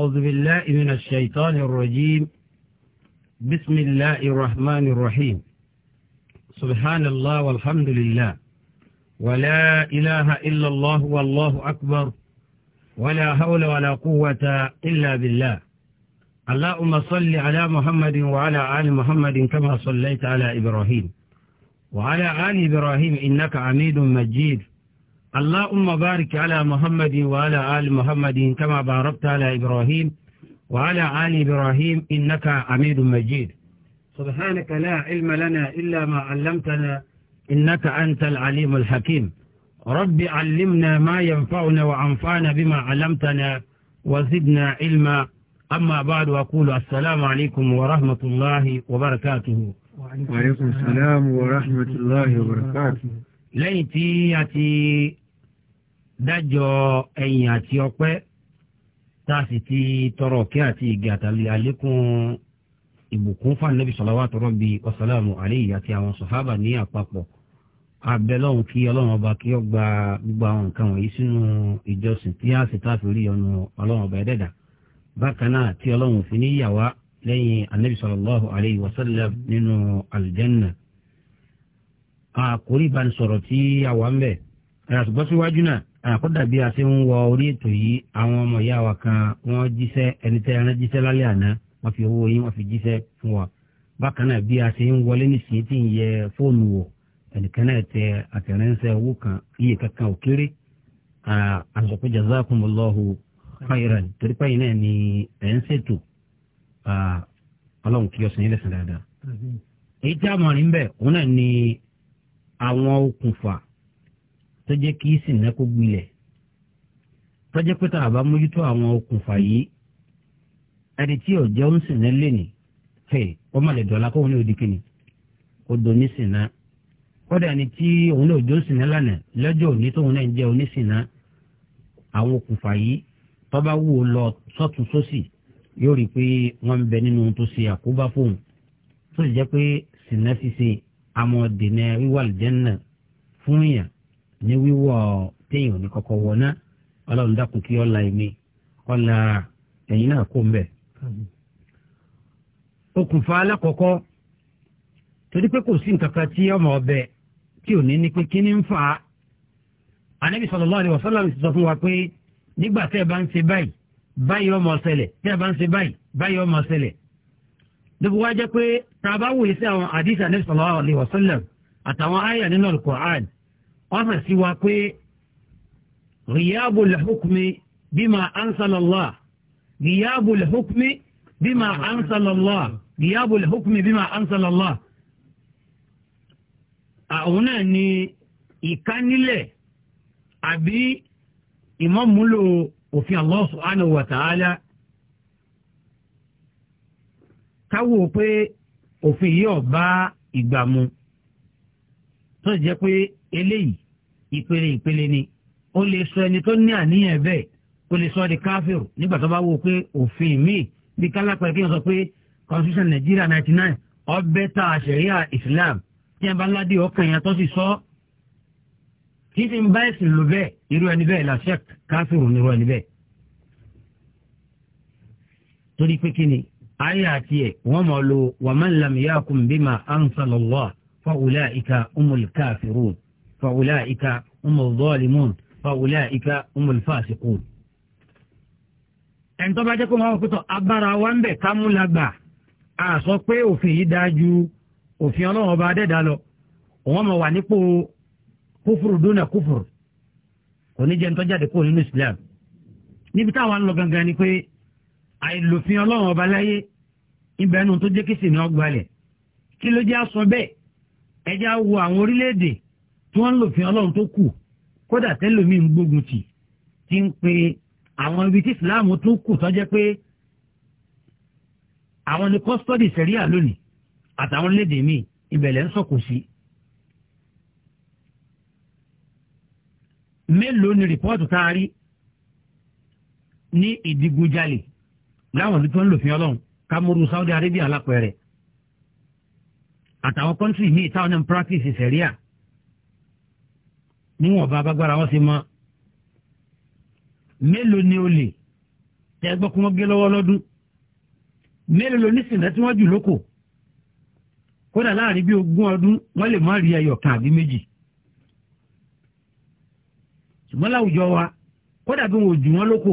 أعوذ بالله من الشيطان الرجيم بسم الله الرحمن الرحيم سبحان الله والحمد لله ولا إله إلا الله والله أكبر ولا حول ولا قوة إلا بالله اللهم صل على محمد وعلى آل محمد كما صليت على إبراهيم وعلى آل إبراهيم إنك عميد مجيد اللهم بارك على محمد وعلى آل محمد كما باركت على إبراهيم وعلى آل إبراهيم إنك عميد مجيد سبحانك لا علم لنا إلا ما علمتنا إنك أنت العليم الحكيم رب علمنا ما ينفعنا وأنفعنا بما علمتنا وزدنا علما أما بعد أقول السلام عليكم ورحمة الله وبركاته وعليكم السلام ورحمة الله وبركاته ليتي tí dájọ́ ẹ̀yìn àti ọpẹ́ tá a sì ti tọrọ kí àti ìgè àtàlẹ àlékún ìbùkún fànẹbí salawatu rabbi wa salamu alayhi àti àwọn sàhábà ní àpapọ̀ abẹ́lọ́hùn kí ọlọ́run ọba kí ó gba gbogbo àwọn nǹkan wọ̀nyí sínú ìjọsìn tí a sì táàfin rí ọ̀nà ọlọ́run ọba ẹ̀dẹ́dà bákan náà tí ọlọ́run fi ní yàwá lẹ́yìn anabi sallallahu alayhi wa nínú aljanna àkórí ìbánisọ̀rọ̀ tí a wà ń bẹ̀ ẹ̀rọ àtúgbọ́síwájú náà àkọ́dà bí a ti ń wọ orí ètò yìí àwọn ọmọ ìyá wa kan wọ́n jíṣẹ́ ẹni tẹ́ ẹran jíṣẹ́ lálẹ́ àná wọ́n fi owó yín wọ́n fi jíṣẹ́ fún wa bákan náà bí a ti ń wọlé nísìnyí tí ń yẹ fóònù wò ẹnìkan náà tẹ àtẹ̀rẹ́nsẹ́ owó kan iye kankan ò kéré àṣọpẹ́ jazakumullahu khairan torí pẹ́yìn náà ni ẹ̀ ń ṣètò ọlọ́run kí ọ̀sán yín lẹ́sìn dáadáa. èyí tí a mọ̀ tó jẹ́ kí sìnà kó gbilẹ̀ tó jẹ́ pé tá a bá mójútó àwọn okùnfà yìí ẹni tí ọ̀jẹ́ ń sìnà lé ní ó má lè dọ̀la kóun ní òdìkì ni ó do ní sìnà kódà ni tí òun náà jó sìnà lánàá lọ́jọ́ òní tóun náà ń jẹ́ onísìnà àwọn okùnfà yìí tó bá wù ú lọ sọ́tún sósì yóò rí i pé wọ́n ń bẹ nínú ohun tó ṣe àkóbá fóun tó sì jẹ́ pé sìnà ṣíṣe àmọ́ dènà wíwà lìjẹ́ náà fún yàn ní wíwọ̀ téèyàn ní kọ́kọ́ wọ̀ náà ọlọ́run dákun kí ọ̀la ẹ̀mí ọ̀la ẹ̀yìn náà kó mbẹ̀. okùnfà alákọ̀ọ́kọ́ torí pé kò sí nǹkan kan tí ọmọ ọbẹ̀ tí ò ní ní pé kí ni ń fà á. ànábì sallallahu alaihi wasallam sọ fún wa pé nígbà tẹ́ ẹ bá ń ṣe báyìí báyìí ọmọ ọ̀sẹ̀lẹ̀ tẹ́ ẹ bá ń ṣe báyìí báyìí ọmọ ọ̀sẹ̀lẹ̀. dùbò wá jẹ́ pé tàbá wòye sí àwọn àdìsí wọ́n hàn sí wa pé rìyáàbù lẹ́hùkùnmí bímà ánṣálọ́lá rìyáàbù lẹ́hùkùnmí bímà ánṣálọ́lá rìyáàbù lẹ́hùkùnmí bímà ánṣálọ́lá. àwọn náà ni ìkánilẹ̀ àbí ìmọ̀múlò òfin Allah subhanahu wa ta'ala káwò pé òfin yìí ọ̀ bá ìgbà mu tó jẹ́ pé eléyìí ìpele ìpele ni ó lè sọ ẹni tó ní àníyàn bẹ́ẹ̀ ó lè sọ di káfíìr nígbà tó bá wò pé òfin míì bí kálápẹ̀ kí n sọ pé constitution Nigeria ninety nine ọbẹ̀ tá a ṣẹ̀ríà Islam tí ẹ bá ládìí ọkàn yẹn tó sì sọ kí n ti bá ẹ̀sìn lò bẹ́ẹ̀ irú ẹni bẹ́ẹ̀ làṣẹ káfíìr ní ẹni bẹ́ẹ̀ torí pé kí ni ayé àti ẹ̀ wọ́n mọ̀ lo wàmán lam yakum bima anzalallah fa ulaika umul فأولئك هم الظالمون فأولئك هم الفاسقون ẹni tó bá jẹ́ kó máa kótó agbára wa ń bẹ̀ ká mú lágbà á sọ pé òfin yìí dáa ju òfin ọlọ́run ọba adẹ́dá lọ òun máa wà nípò kúfùrù dúnà kúfùrù kò ní jẹ́ nítọ́jáde kúrò nínú Islam níbi táwọn lọ gangan ni pé àìlòfin ọlọ́run ọba láyé ibẹ̀ tó jẹ́ kí sì ní ọgbà lẹ̀ kí ló jẹ́ àsọ bẹ́ẹ̀ ẹ já wo àwọn orílẹ̀-èdè tí wọ́n ń lò fi ọlọ́run tó kù kódà tẹ́lómi ń gbógun tì ti ń pe àwọn ibi tí ìsìláàmù tó kù tó jẹ́ pé àwọn ni kọ́sítọ́dì sẹ̀ríà lónìí àtàwọn léde míì ìbẹ̀lẹ̀ ń sọ̀kò sí. mélòó ni rìpọ́ọ̀tù tá a rí ní ìdigunjalè láwọn ìlú tó ń lò fi ọlọ́run kamuru Saudi Arabia lápẹẹrẹ àtàwọn kọ́ńtì míì táwọn náà ń practice sẹ̀ríà níwọ̀n bá agbára wọn ṣe mọ́ mélòó ni o lè tẹ ẹgbẹ́ kí wọ́n gé lọ́wọ́ lọ́dún mélòó ló ní sìnà tí wọ́n jù lóko kódà láàrin bí ogún ọdún wọ́n lè má rí ẹyọ kan àbí méjì ṣùgbọ́n láwùjọ wa kódà bí wọn ò jù wọ́n lóko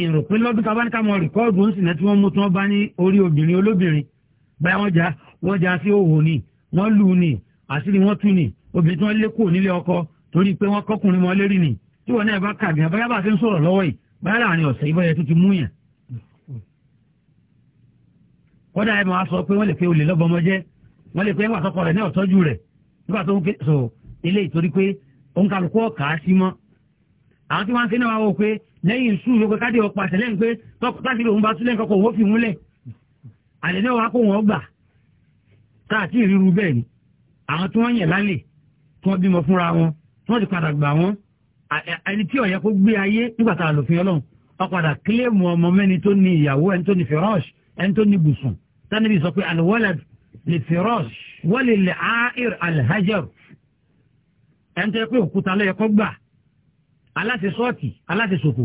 ìrò pé lọ́dún tá a bá ní ká mọ rìkọ́ọ̀dù ń sìnà tí wọ́n mú tí wọ́n bá ní orí obìnrin olóbìnrin báyà wọ́n já wọ́n já sí òhò ni wọ́n lù ni àṣírí wọ́n tú ni obìnrin tí wọ́n lé kúrò nílé ọkọ torí pé wọ́n kọ́kùnrin mọ́ lérí ni tí wọ́n náà bá kàgbé abáyá bá ti ń sọ̀rọ̀ lọ́wọ́ yìí báyà láàrin ọ̀sẹ̀ ìbọn yẹn tó ti mú yàn. kódà ẹ̀ máa sọ pé wọ́n lè pe olè lọ́bọmọ jẹ́ wọ́n lè pe ẹ̀ wà sọ́kọ rẹ̀ ní ọ̀tọ́jú rẹ̀ nígbà tó ń ké so ilé ìtorí pé òun kálukú ọ̀kà á sí mọ́. àwọn tí wọ́n ń ké náà wá wò pé lẹ́yìn sùúrù pé káde ọ̀pá àtẹ̀lẹ́yìn pé tọ́kítàsí ni àwọn tí wọ́n yẹ̀ tí wọ́n ti padà gbà wọ́n ẹni tí ọ̀yẹ́ kó gbé ayé nígbà tá a lò fún ọlọ́run wọ́n padà kílèmù ọmọ mẹ́ni tó ní ìyàwó ẹni tó ní fìrọ́ọ̀ṣì ẹni tó ní bùsùn tánibí sọ pé alwalad lè fìrọ́ọ̀ṣì wọ́n lè lè áìr alhajar ẹni tó yẹ pé òkúta ló yẹ kó gbà aláṣẹ sọ́ọ̀tì aláṣẹ sòkò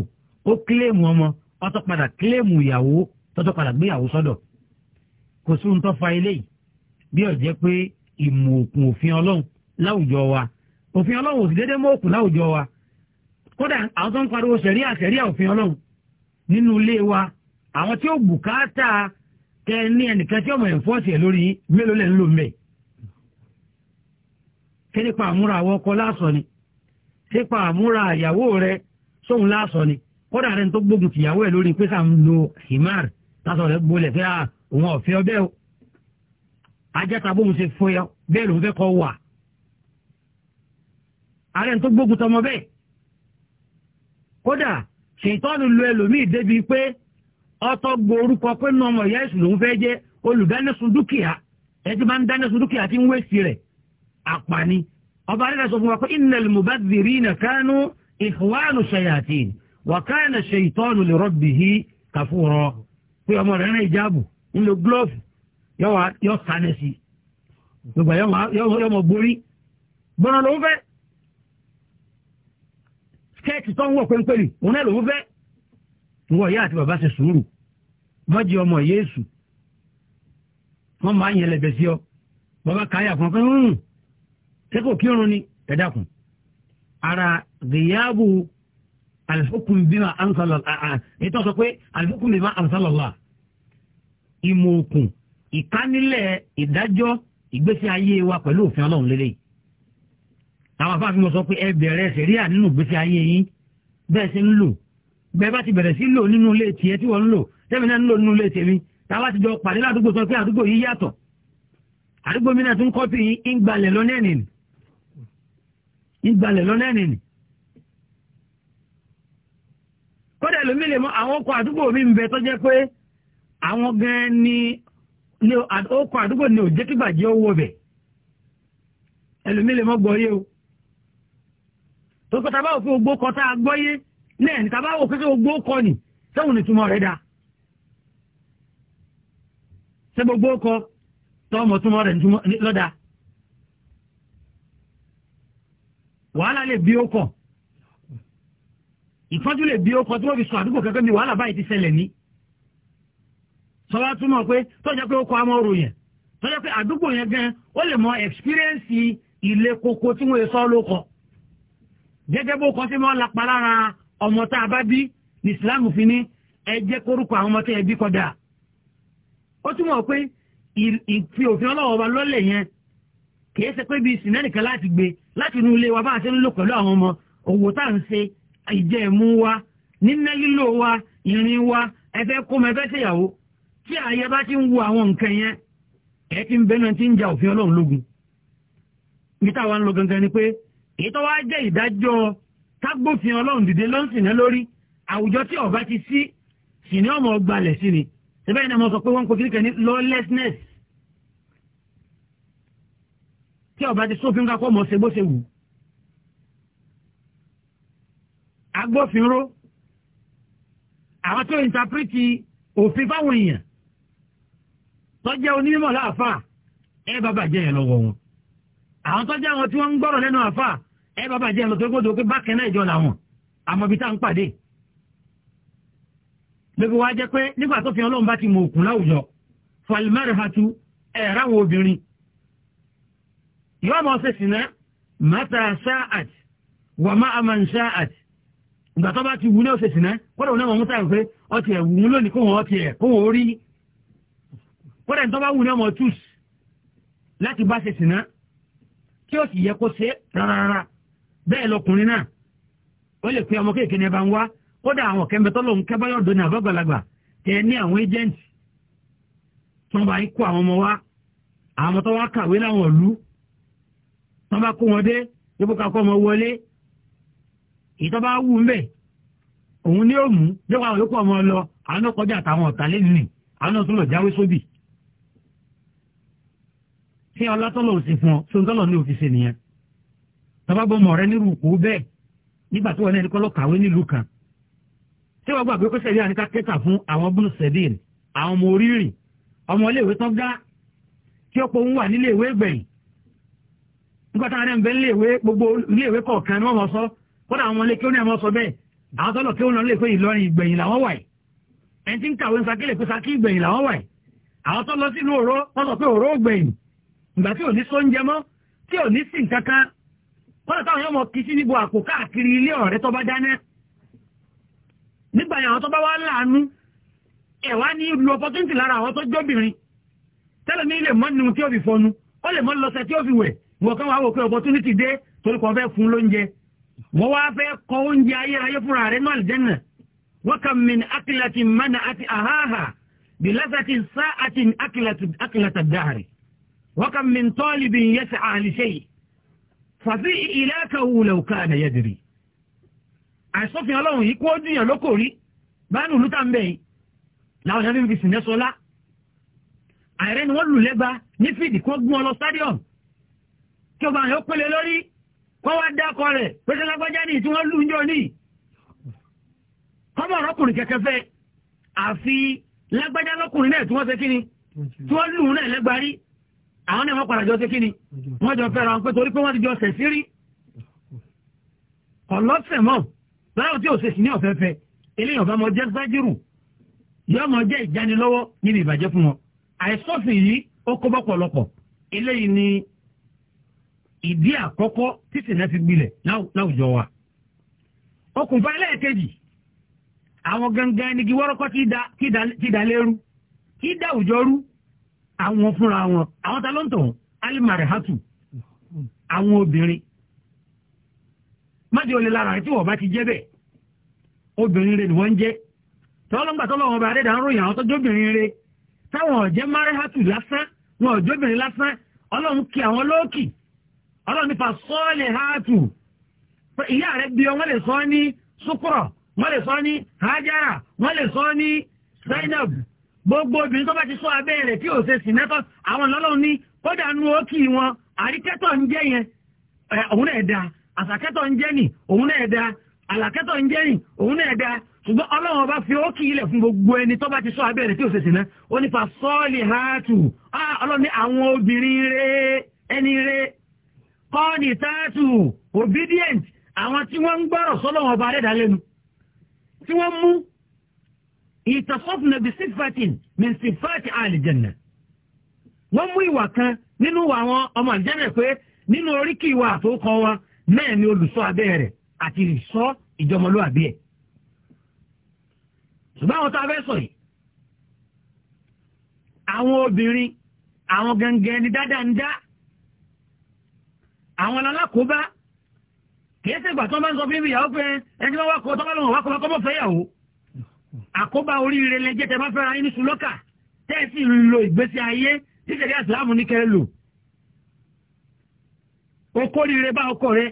ó kílèmù ọmọ ọtọ́ padà kílèmù ìyàwó tọ́tọ́ padà gbéyàwó sọ́dọ̀ kò sí ohun tó fa eléyìí bí ó pé ìmọ̀ òkun òfin ọlọ́run òsì déédéé mọ́ọ̀kù láwùjọ wa kódà àwọn tó ń pariwo sẹ̀ríà sẹ̀ríà òfin ọlọ́run nínú ilé wa àwọn tí ó bùkátà kẹ ní ẹnìkan tí ọmọ ẹ̀fọ́ọ̀sì ẹ̀ lórí mélòó lẹ̀ ń lò mẹ́ kí nípa àmúra àwọn ọkọ lásọ ni nípa àmúra àyàwó rẹ sóhun lásọ ni kódà rẹ tó gbógun tìyàwó ẹ lórí pé sàm lo himar lásọ rẹ gbolẹ̀ ah, fẹ́ òun ọ̀fẹ́ ọbẹ̀ o ajẹ́ta bóun ṣe fọyọ bẹ́ẹ̀ lòun fẹ́ kọ́ wà ààrẹ tó gbógun tọmọ bẹ́ẹ̀ kódà ṣètọ́nù lu ẹlòmíì débi pé ọtọ́ gborúkọ pé nínú ọmọ ìyá ẹ̀sùn lòún fẹ́ jẹ́ olùdánisun dúkìá ẹtí bá ń dánisun dúkìá tí ń wéṣì rẹ̀ àpàní ọba rẹ̀ sọ fún wa pé innal mubadhirina kanu ikhwanu shayatin wa kana shaytanu li rabbihi kafura pé ọmọ rẹ̀ rìn ìjáàbù ńlò glove yọ sanẹ́sì gbogbo yọ borí gbọ́nà lòún fẹ́ skẹ́ẹ̀tì tó ń wọ̀ pẹ́ńpẹ́lì òun náà lòún fẹ́ wọ ìyá àti bàbá ṣe sùúrù wọ́n jẹ ọmọ yéésù wọ́n máa ń yẹn lẹ̀bẹ̀ sí ọ bàbá káyà fún ọ pé ń sẹ́kọ̀ọ́ kí ọ̀run ni ẹ̀dá kùn ara dìyàbù àlùfókùn bímọ ànsálọ ètò sọ pé àlùfókùn bímọ ànsálọ là ìmọ̀ òkun ìkánilẹ̀ ìdájọ́ ìgbésí ayé wa pẹ̀lú òfin ọlọ́run lélẹ́yìí àwọn afáàfin mo sọ pé ẹ bẹ̀rẹ̀ sẹ̀ríà nínú ìgbésí ayé yín bẹ́ẹ̀ sì ń lò bẹ́ẹ̀ bá ti bẹ̀rẹ̀ sí lò nínú ilé tiẹ̀ tí wọ́n ń lò tẹ́mi náà ń lò nínú ilé tèmi táwa ti jọ pàdé ládùúgbò sọ pé àdúgbò yìí yàtọ̀ àdúgbò mi náà tún kọ́ sí ìgbàlẹ̀ lọ́nẹ́ẹ̀nì ìgbàlẹ̀ lọ́nẹ́ẹ̀nì kódà lómi lè mọ àwọn ọkọ̀ àdúgbò mi ń bẹ tó jẹ́ pé àwọn gan ni ọkọ̀ àdúgbò ni ò jẹ́ kíbàjẹ́ owó bẹ̀ ẹlòmí lè mọ gbọ́ yé o tó kọ́ tábà òfin ogbó kọ tá a gbọ́ yé náà ní tábà òfin ogbó kọ nì sẹ́wọ̀n ní túmọ̀ rẹ̀ dá ṣé gbogbo kọ tọ́mọ̀ túmọ̀ rẹ̀ lọ́dà wàhálà lè bí ó kọ̀ ìtọ́jú lè bí ó kọ tí wọ́n fi sọ àdúgbò kẹ́kẹ́ mi wàhálà báyìí ti ṣẹlẹ̀ ní. sọlá túmọ̀ pé tọ́jà pé ó kọ amọ́ orò tọ́jà pé àdúgbò yẹn gan ó lè mọ ẹ̀xpíríẹ́nsì ilé koko tí wọ́n yẹ sọ́ ló kọ̀. gẹ́gẹ́ bó kọ́ sí mọ́ lápá lára ọmọ tá a bá bí ní ìsìláàmù fi ní ẹjẹ́ jẹ́ kórúkọ àwọn ọmọ tẹ́ ẹbí bí kọjá ó túmọ̀ pé ìfi òfin ọlọ́wọ́ wa lọ́lẹ̀ yẹn kì í ṣe pé bíi kan láti gbé láti inú ilé wa bá a ṣe ń lò pẹ̀lú àwọn ọmọ òwò tá à ti ń wo àwọn nǹkan yẹn ti ń ti ń ja òfin ọlọ́run lógun níta wa èyí tó wá jẹ́ ìdájọ́ tágbófin ọlọ́run dìde ló ń sìn náà lórí àwùjọ tí ọba ti sí sìn ní ọmọ ọgbàlẹ̀ sí ni síbẹ̀ ni mo sọ pé wọ́n ń pe kíríkẹ́ lawlessness tí ọba ti sófin kakọ́ mọ̀ ṣe bó ṣe wù. agbófinró àwọn tó ìntàpírìtì òfin fáwọn èèyàn tó onímọ̀ láàfáà ẹ bàbá jẹ́ yẹn lọ́wọ́ wọn. àwọn tọ́jú àwọn tí wọ́n ń gbọ́rọ̀ lẹ́nu àfà ẹ bàbá jẹ́ lọ́tọ́ gbọ́dọ̀ pé bákẹ́ náà ìjọ làwọn àmọ́ tá à ń pàdé. jẹ́ pé nígbà tó fi ọlọ́run bá ti mọ òkun láwùjọ hatu àwọn obìnrin yóò ṣe sìnà mata wà má ìgbà tó ti sìnà náà pé ọtí tí o sì yẹ kó ṣe rárára bẹ́ẹ̀ lọkùnrin náà ó lè pe ọmọ kéèké ní ẹ bá ń wá kódà àwọn kẹ́mbẹ́ tó lòun kẹ́ báyọ̀ e àbọ̀gbàlagbà tẹ ní àwọn agent tí wọ́n bá ń kó àwọn ọmọ àwọn ọmọ tó wá kàwé láwọn tí bá kó wọn dé yóò àwọn ọkọjà àtàwọn àwọn tí ọlọ́tọ́lọ́ òsì fún ọ sọ́ńtọ́lọ́ ní òfìsè nìyẹn tọ́bábọ́mọ̀ rẹ nírú kó bẹ́ẹ̀ nígbà tí wọn ẹni kọ́ lọ kàwé nílùú kan tí wọ́n gbà pé kó sẹ́yìn àníká kẹta fún àwọn bùnú sẹ́díìn àwọn ọmọ orírì ọmọ iléèwé tó ga tí ọ̀pọ̀ ń wà níléèwé gbẹ̀yìn nígbà táwọn ẹni bẹ́ẹ̀ níléèwé gbogbo níléèwé kọ̀ọ̀kan ni wọ́n mọ̀ sọ kódà àwọn ọmọlé kéwọn ni wọ́n sọ bẹ́ẹ̀ àwọn tọ́lọ̀ kéwọn lọ́lé pé Ìlọrin ìgbẹ̀yìn làwọn wà yìí ẹni tí ń kàwé ń sakílè pé sakí ìgbẹ̀yìn làwọn wà yìí àwọn tọ́lọ sínú òró wọ́n sọ pé òró ìgbẹ̀yìn ìgbà tí ò ní sóúnjẹ mọ́ tí ò ní sí nǹkan kan kọ́lá táwọn yọmọ kì í sí níbo àpò káàkiri ilé ọ̀rẹ́ tó bá dáná nígbà yẹn àwọn tó bá wá láàánú ẹ̀wá ní lu opportunity lára àwọn tó jọ́bìnrin tẹ́lẹ̀ mi lè mọ́ nínú tí ó fi fọnu ó lè mọ́ lọ́sẹ̀ tí ó fi wẹ̀ ìwọ̀n kan wá wò pé opportunity dé torí kan fẹ́ fún lóúnjẹ wọ́n wá fẹ́ kọ oúnjẹ ayérayé fúnra rẹ̀ náà àlìjẹ́nà wọ́n kà mí ní akilati mana àti ahaha bí lásàtì sáà àti akilata dáhàrì وكم من طالب يسعى لشيء ففيه إلاكه لو كان يدري àìsọ́fin ọlọ́run yìí kó o dùn yàn lóko rí báyìí lùtà ń bẹ̀ yìí làwọn ṣẹ́fín fi sìnẹ́ sọlá àìrẹ́ ni wọ́n lù lẹ́gba ní fìdí kó gún ọ lọ stadium kí ọba àyàn pélé lórí kó wá dákọ rẹ̀ pèsè lágbájá ní tí wọ́n lù ń jọ ní. kọ́mọ̀ ọ̀rọ̀kùnrin kẹ̀kẹ́ fẹ́ àfi lágbájá lọ́kùnrin náà tí wọ́n ṣe kíni tí wọ́n lù náà lẹ́gba rí àwọn náà wọ́n padà jọ ṣe kí ni wọ́n jọ fẹ́ra wọn pé torí pé wọ́n ti jọ ṣẹ̀ sí rí ọlọ́sẹ̀ mọ́ láwọn tí ò ṣe sí ní ọ̀fẹ́fẹ́ eléyàn bá mọ jẹ́ sájírù yóò mọ jẹ́ ìjánilọ́wọ́ níbi ìbàjẹ́ fún wọn àìsọ́sìn yìí ó kó bọ́pọ̀lọpọ̀ eléyìí ni ìdí àkọ́kọ́ tí sìnà fi gbilẹ̀ láwùjọ wa okùnfà ẹlẹ́ẹ̀kejì àwọn gangan ẹnigi wọ́rọ́kọ́ tí da lérú tí da àwùjọ rú àwọn fúnra wọn àwọn ta ló ń tàn alimari hatu àwọn obìnrin májè olè lára tí wọn bá ti jẹ bẹ́ẹ̀ obìnrin rẹ ni wọn ń jẹ tọlọmgbà tọlọmọ ọba adéda ń ròyìn àwọn tọjọ obìnrin rẹ táwọn ọjẹ mari hatu lásán wọn ọjọ obìnrin lásán Ọlọ́run kí àwọn lóòkì Ọlọ́run nípa sọọlẹ hatu ìyá rẹ bí wọn lè sọ ní sukura wọn lè sọ ọ ní hajara wọn lè sọ ní zainab. gbogbo obìnrin tó bá ti sọ abẹ́ rẹ̀ tí ò ṣe àwọn ní kódà nu wọn àríkẹ́tọ̀ ń jẹ́ yẹn òun náà da àsàkẹ́tọ̀ ń jẹ́ nì òun náà da àlàkẹ́tọ̀ ń jẹ́ nì òun náà da ṣùgbọ́n gbogbo ẹni tó bá ti sọ abẹ́ rẹ̀ tí ò ṣe ó ọlọ́run ní àwọn obìnrin ọba tí wọ́n mú ìtàsọ́fúnà bí من صفات sífàtì àlìjẹ̀nà wọ́n mú ìwà kan nínú àwọn ọmọ àlìjẹ̀nà pé nínú oríkì ìwà àtòkọ wọn náà ni olùṣọ́ abẹ́ rẹ̀ àti ìṣọ́ ìjọmọlúwàbí ẹ̀ ṣùgbọ́n àwọn tá a fẹ́ sọ yìí àwọn obìnrin àwọn gangan ni dáadáa ń dá àwọn alákòóbá kìí ṣègbà tó máa ń sọ fún ìyàwó pé ẹni tí wọ́n wá kọ́ tọ́kọ́ lóun wá kọ́ ọkọ́ fẹ́ yàwó àkóbá oríire lẹ́jẹ́ tẹ́ bá fẹ́ ra yín ní sùlọ́kà tẹ́ ẹ sì ń lo ìgbésí ayé títẹ̀lé àsìlámù ní kẹrẹ lò. okóríire bá ọkọ rẹ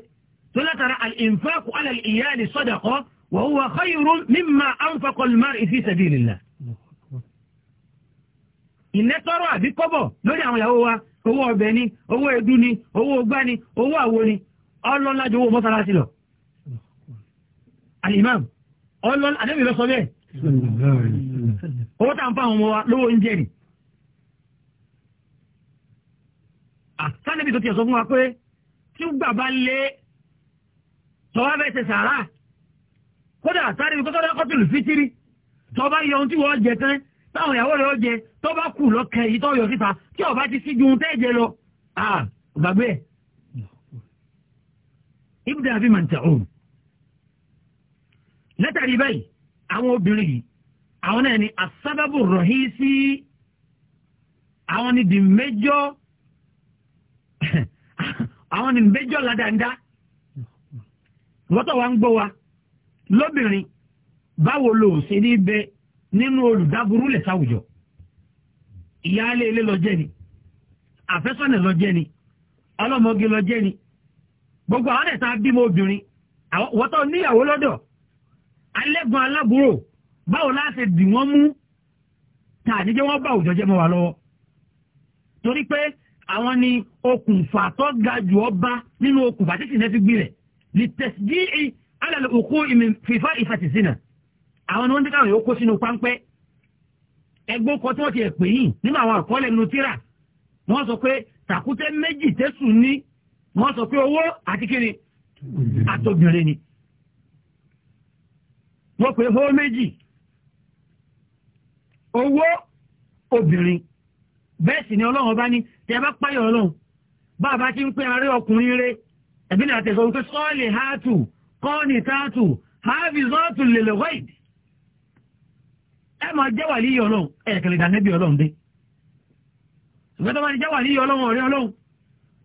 tó látara al-infaqu ala al-iyali sadaqa wa huwa khayrun mimma anfaqa al-mar'i fi sabilillah. ìnẹ́tọ́rọ̀ àbí kọ́bọ̀ lórí àwọn ìyàwó wa owó ọbẹ̀ ni owó ẹdú ni owó ọgbá ni owó àwo ni ọlọ́lájú owó mọ́sálásí lọ. al-imam ọlọ́lá àdébìlọ́sọ bẹ́ẹ̀ owó tá à ń fáwọn ọmọ wa lówó oúnjẹ ni sálẹ̀bì tó ti sọ fún wa pé tí gbà bá lé tọ́wọ́ bẹ́ẹ̀ ṣe sàárà kódà sálẹ̀bì tó tọ́lá kọ́tùlù fitiri tọ́ba yọ ohun tí wọ́n jẹ tán táwọn ìyàwó rẹ̀ ó jẹ tọ́ba kù lọ́kẹ́ èyí tó yọ síta tí ọba ti síjú ohun tẹ́ lọ gbàgbé ẹ̀ ibùdó àfi màǹtà òun látàrí báyìí àwọn obìnrin yìí àwọn náà ni asábàbù rọ̀hísí àwọn ni the major àwọn ni major ládàndá wọ́tọ̀ wa ń gbọ́ wa lóbìnrin báwo ló ṣe ní bẹ nínú olùdáburú lẹ̀ sáwùjọ ìyáálé ilé lọ jẹ́ ni àfẹ́sọ̀nà lọ jẹ́ ni ọlọ́mọge lọ ni gbogbo àwọn ẹ̀ta bímọ obìnrin wọ́tọ̀ níyàwó lọ́dọ̀ alẹ́gbọ̀n alábúrò báwo la ṣe dì wọ́n mú tá a níjẹ́ wọ́n bá òjò jẹ́ mọ́ wa lọ́wọ́ torí pé àwọn ni okùnfà tó ga jù ọ bá nínú okùnfà títí náà fi gbilẹ̀ lè tẹ̀sídì alẹ́ òkú fífa ìfàtìsínà àwọn ni wọ́n ti káwọn yòó kó sínú páńpẹ́ ẹgbẹ́ kan tí wọ́n ti pè yìí nínú àwọn àkọọ́lẹ̀ nínú tíra wọ́n sọ pé tàkútẹ́ méjì tẹ́sùn ní wọ́n sọ pé owó àti kíni ni wọ́n pè hó méjì owó obìnrin bẹ́ẹ̀ sì ni ọlọ́run bá ní tẹ bá páyọ̀ ọlọ́run bàbá tí ń pè aré ọkùnrin rẹ ẹ̀bí ni àtẹ̀sọ̀ wípé sọ́ọ̀lì háàtù kọ́ọ̀nì táàtù háàbì zọ́ọ̀tù lèlè wáìdì ẹ máa jẹ́ wàlí yìí ọlọ́run ẹ̀ẹ̀kẹ̀lẹ̀ ìdánẹ́bí ọlọ́run dé ṣùgbọ́n tó bá ní jẹ́ wàlí yìí ọlọ́run ọ̀rẹ́ ọlọ́run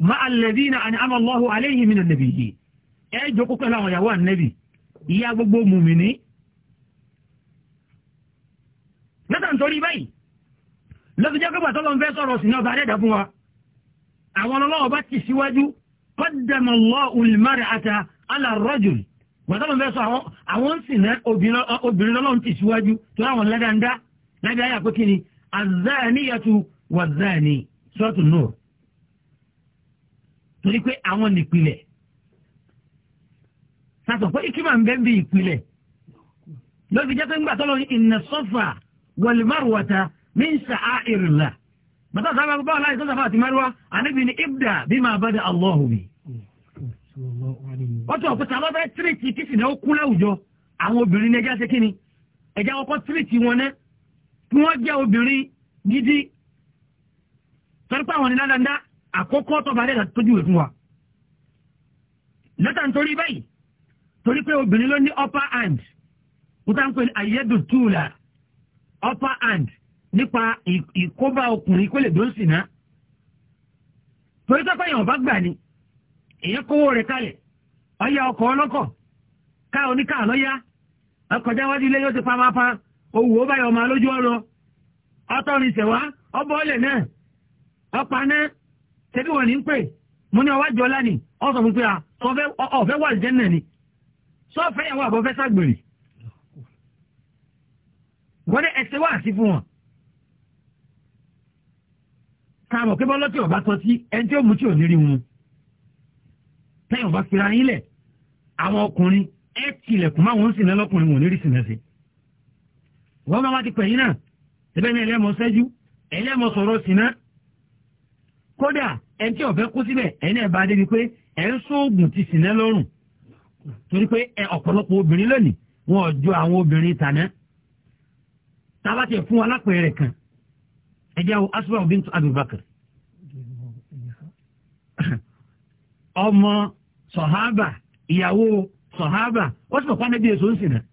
ma alẹ́dínà àni amọ̀lọ́hù aléhìmínà nàbìyí ẹ jókòó pẹ̀lú àwọn ìyàwó ànẹ́bì ìyá gbogbo mùmìnì nítorí báyìí lọ́sí jẹ́ pípa tọ́lọ́ ń fẹ́ sọ̀rọ̀ sí ní ọba adẹ́dà fún wa àwọn ọlọ́wọ́ bá ti síwájú qaddama Allahu al-mar'ata ala ar-rajul gbàtọ́lọ́ ń fẹ́ sọ àwọn ń sìn náà obìnrin lọ́lọ́run ti síwájú tó láwọn lẹ́dàndá lábẹ́ àyà sàtọ̀ pé ikí máa ń bẹ́ bí ìpìlẹ̀ lọ́sí jẹ́ pé ńgbà tọ́lọ́ inna safa wal-marwata min sha'a'irillah bàtà sábà gbọ́ aláì sọ́sà fàtí mẹ́rùwá àníbi ni ibda bí máa bá dé Allahu bi. wọ́n tún ọ̀pẹ̀sẹ̀ àbá fẹ́ tírìtì kí sì náà ó kún láwùjọ àwọn obìnrin ní ẹja ṣe kí ni ẹja kọ́kọ́ tírìtì wọn ná kí wọ́n jẹ́ obìnrin gidi tọ́lípà àwọn ní ládàndá àkọ́kọ́ tọ́ba rẹ̀ tójú ìwé wa. lọ́tà nítorí báyìí torí pé obìnrin ló ní upper hand kúta ń pè ní ayédùtúùlà upper hand nípa ìkóbá ọkùnrin kó lè sí náà torí sọ́kọ́ yẹn bá gbà ni èyàn kówó rẹ̀ kalẹ̀ ọyá ọkọ̀ ọlọ́kọ̀ ká oníkà lọ́yá ọkọ̀já wájú ilé yóò ti pamapa owó báyọ̀ ọmọ alójú ọ̀rọ̀ ọtọ́rin ṣẹ̀wá ọbọ̀ ọlẹ̀ náà ọpa náà ń pè mo ní ọwájú ọlá ni fún pé wà náà ni sọ́ọ̀fẹ́ yẹn wà bọ́fẹ́ gbọ́dọ̀ ẹsẹ̀ wá sí fún wọn. káàmọ̀ pé bọ́lá tí ọba tọ́ sí ẹni tí ó mú tí ò ní rí wọn. tẹ́yìn ọba fira yín lẹ̀ àwọn ọkùnrin ẹ tilẹ̀kùn máa wọ́n sìn lọ́kùnrin wọn ò ní rí sìn ẹsẹ̀. wọ́n bá wá ti pẹ̀yìn náà ẹbẹ́ ní ẹlẹ́mọ sẹ́jú ẹlẹ́mọ sọ̀rọ̀ sínà. kódà ẹni tí ọ̀fẹ́ kú síbẹ̀ ẹni ẹ̀ bá débi pé ẹ̀ ń sóògùn ti sìn lọ́rùn torí pé ọ̀pọ̀lọpọ̀ obìnrin lónìí wọn ò ju àwọn obìnrin tàná tába tiẹ̀ fún wa lápẹ̀rẹ̀ kan ẹ jẹ́ àwọn asúbà bint abubakar ọmọ sọ̀hábà ìyàwó sọ̀hábà wọ́n sì na níbi èso ń sìn náà.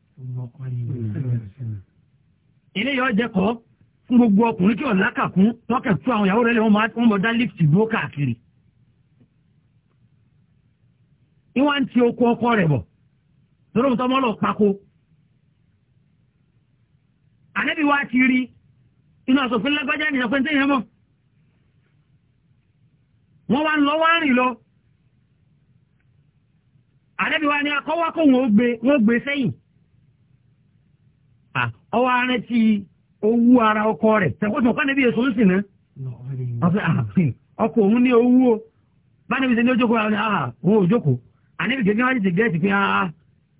ilé yọ jẹ́kọ̀ọ́ fún gbogbo ọkùnrin tí ọ̀la kà kún tọ́kẹ̀ fún àwọn ìyàwó rẹ̀ lẹ́wọ̀n wọ́n mọ̀ dá lífìtì dúró káàkiri. ìwọ̀n ti ọkọ rẹ̀ bọ̀ ànábì wa ti rí inú àsòfin lágbájá nìyẹn pé ntẹ́yìn mọ́ wọ́n wá ń lọ wá rìn lọ ànábì wa ni akọ́wá wọn ó gbé sẹ́yìn ọwọ́ arẹ ti ara ọkọ rẹ̀ tẹ̀kọ́tù ah, hmm, ọ̀ká ah,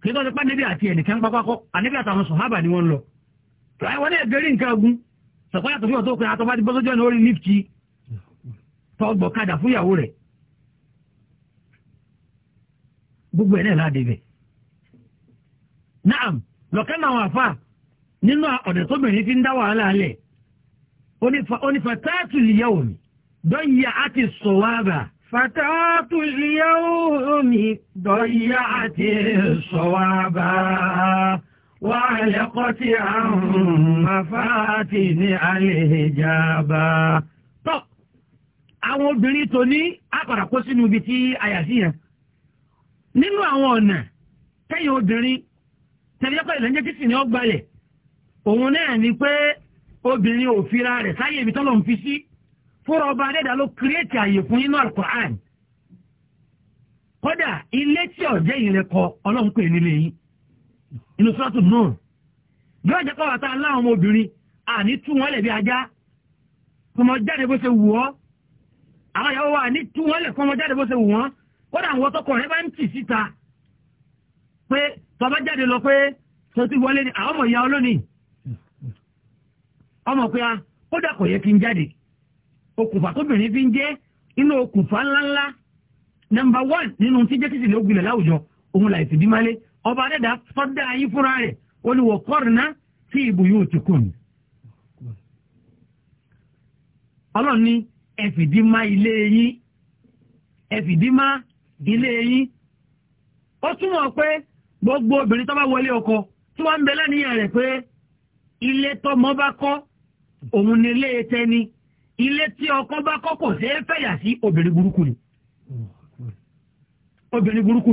ah, àti ẹnìkan pápákọ́ àtàwọn sọ̀hábà ni wọ́n lọ. wọ́n ní ẹ̀gẹ́rì nǹkan ogun sọ̀páyà tó fi ọ̀tọ́ ọkùnrin àtọ́ bá ti bọ́ sójú ọ̀nà orí lífti tọ́gbọ̀ kadà fún ìyàwó rẹ̀ gbogbo ẹ̀ náà láde bẹ̀. naam lọ́kẹ́ náà wà fà nínú ọ̀dẹ̀ tóbìnrin fi ń dá wàhálà alẹ̀ onífà táàtù ìyàwó mi dọ́yà àti sọ̀wáàbà. Fàtàtù ìyàwó mi dọ́yà àti sọ̀wáàbà wàhálẹ́kọ́tí àrùn mafáàtì ní àlèjàbá. tọ́ àwọn obìnrin tó ní àpàrà kó sínú ibi tí àyà sí yẹn nínú àwọn ọ̀nà kẹ́yìn obìnrin tẹ̀lẹ́pẹ́ ìlànjẹ́ títì ní ọgbàlẹ̀ òun náà ni pé obìnrin ò fira rẹ̀ sáyé ibi tọ́lọ̀ ń fi sí fúnra ọba adẹ́dà ló kírètì àyè fún inú alukur'an kódà ilé tí ọ̀jẹ́ yìí ọlọ́run pè nílé yìí inú sọ́ọ̀tù náà bí wọ́n jẹ́ pọ̀ wàtá aláwọn ọmọ obìnrin àní tú wọn lẹ̀ bí ajá kọmọ jáde bó ṣe wù ọ́ àwọn ìyàwó wa àní tú wọn lẹ̀ kọmọ jáde bó ṣe wù wọ́n kódà àwọn ọtọkọ rẹ bá ń tì síta pé tọba lọ pé sọtí wọlé ni àwọn ọmọ ìyá olónìí ọmọ pé a ah, kódà kò yẹ kí n jáde okùnfà tóbìnrin fi ń jẹ́ inú okùnfà ńláńlá nọ́mbà one nínú tí jẹ́kìtì ló gbilẹ̀ láwùjọ òun làìsí bímálé ọba dẹ́dà sọ́dá anyị fúnra rẹ̀ olùwọ̀ kọ́rìnà sí ìbò yóò ti kùn. ọlọ́run ní ẹ fìdí má ilé yín ẹ gbogbo obìnrin tó bá wọlé ọkọ tí wọ́n ń bẹ lẹ́nìyàn rẹ̀ pé ilé tọmọ bá kọ́ òun ilé tẹni ilé tí ọkọ bá kọ́ kò sí obìnrin burúkú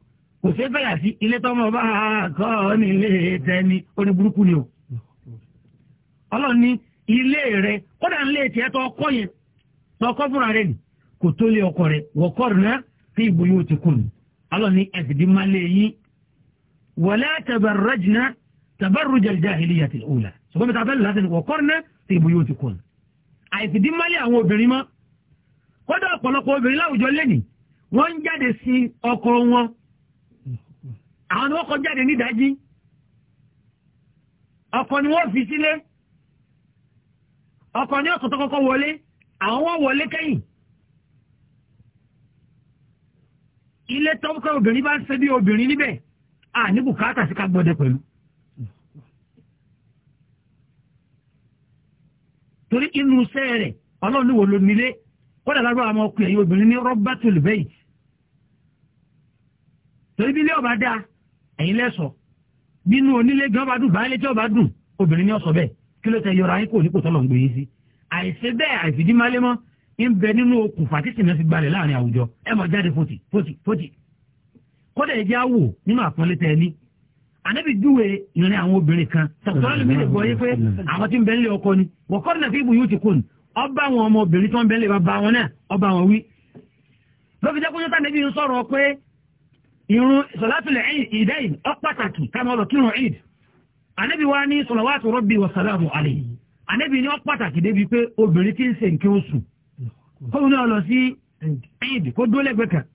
kò ṣe bẹ̀yà sí ilé tọ́mọ bá kọ́ ọ nílé tẹni oní burúkú ni o ọlọ́run ní ilé rẹ kódà nílé tiẹ̀ tó ọkọ yẹn tó ọkọ fúnra rẹ nì kò tó lé ọkọ rẹ wọ́kọ́ rẹ náà tí ìbò yóò ti kùn ọlọ́run ní ẹ̀sìndín má lé yín wala tabarrajna tabarruj al-jahiliyyati al-ula mi ta fẹ́ lásìkò wọ́kọ́ rẹ náà tí ìbò yóò ti kùn àìsìndín má lé àwọn obìnrin mọ́ kódà ọ̀pọ̀lọpọ̀ obìnrin láwùjọ lẹ́nìí wọ́n ń jáde sí ọkọ wọn àwọn ni wọ́n kọ jáde nídàájí ọkọ̀ ni wọ́n fi sílé ọkọ̀ ni ọkọ̀ tó kọ́kọ́ wọlé àwọn wọ́n wọlé kẹ́yìn ilé tọ́kọ̀ obìnrin bá ń ṣe bí obìnrin níbẹ̀ à ní bùkátà sí ká gbọ́dẹ pẹ̀lú. torí inú iṣẹ́ rẹ̀ ọlọ́run ní wo ló nílé kódà lágbára àwọn ọkùnrin obìnrin ní rọ́bà tó torí bí ilé ọba dáa ẹ̀yin lẹ́sọ̀ bínú onílé gan bá dùn báyìí lẹ́jọ́ bá dùn obìnrin ní ọ̀sọ̀ bẹ́ẹ̀ kí ló tẹ yọra yín kò ní kò tọ́lọ̀ ń gbé yín sí àìṣe bẹ́ẹ̀ àìfìdímálé mọ́ ń bẹ nínú okùnfà títì náà fi gbalẹ̀ láàrin àwùjọ ẹ mọ̀ jáde fòtì fòtì fòtì kódà ẹ jẹ́ àwò nínú àpọ́nlé tẹ ní ànábì júwe ìrìn àwọn obìnrin kan sọ̀tọ́ lè gbọ́ yé pé àwọn tí ń bẹ ni wọ́n kọ́ nà fi ibù yóò ti kún ọba àwọn ọmọbìnrin tó ń bẹ nílé bàbá wọn náà ọba àwọn wí lọ́fi irun sọ̀látùlẹ̀ ìdáyìn ọpàtàkì kàmọ́lọ̀ kírun ìd anẹ́bí wá ní sọ̀lọ̀wàtù rọ́bì wàsàlámù alẹ́ anẹ́bí ní ọpàtàkì débi pé obìnrin tí ń ṣe nǹkan oṣù kóun náà lọ sí ìd kó dólẹ́gbẹ̀ẹ́ kan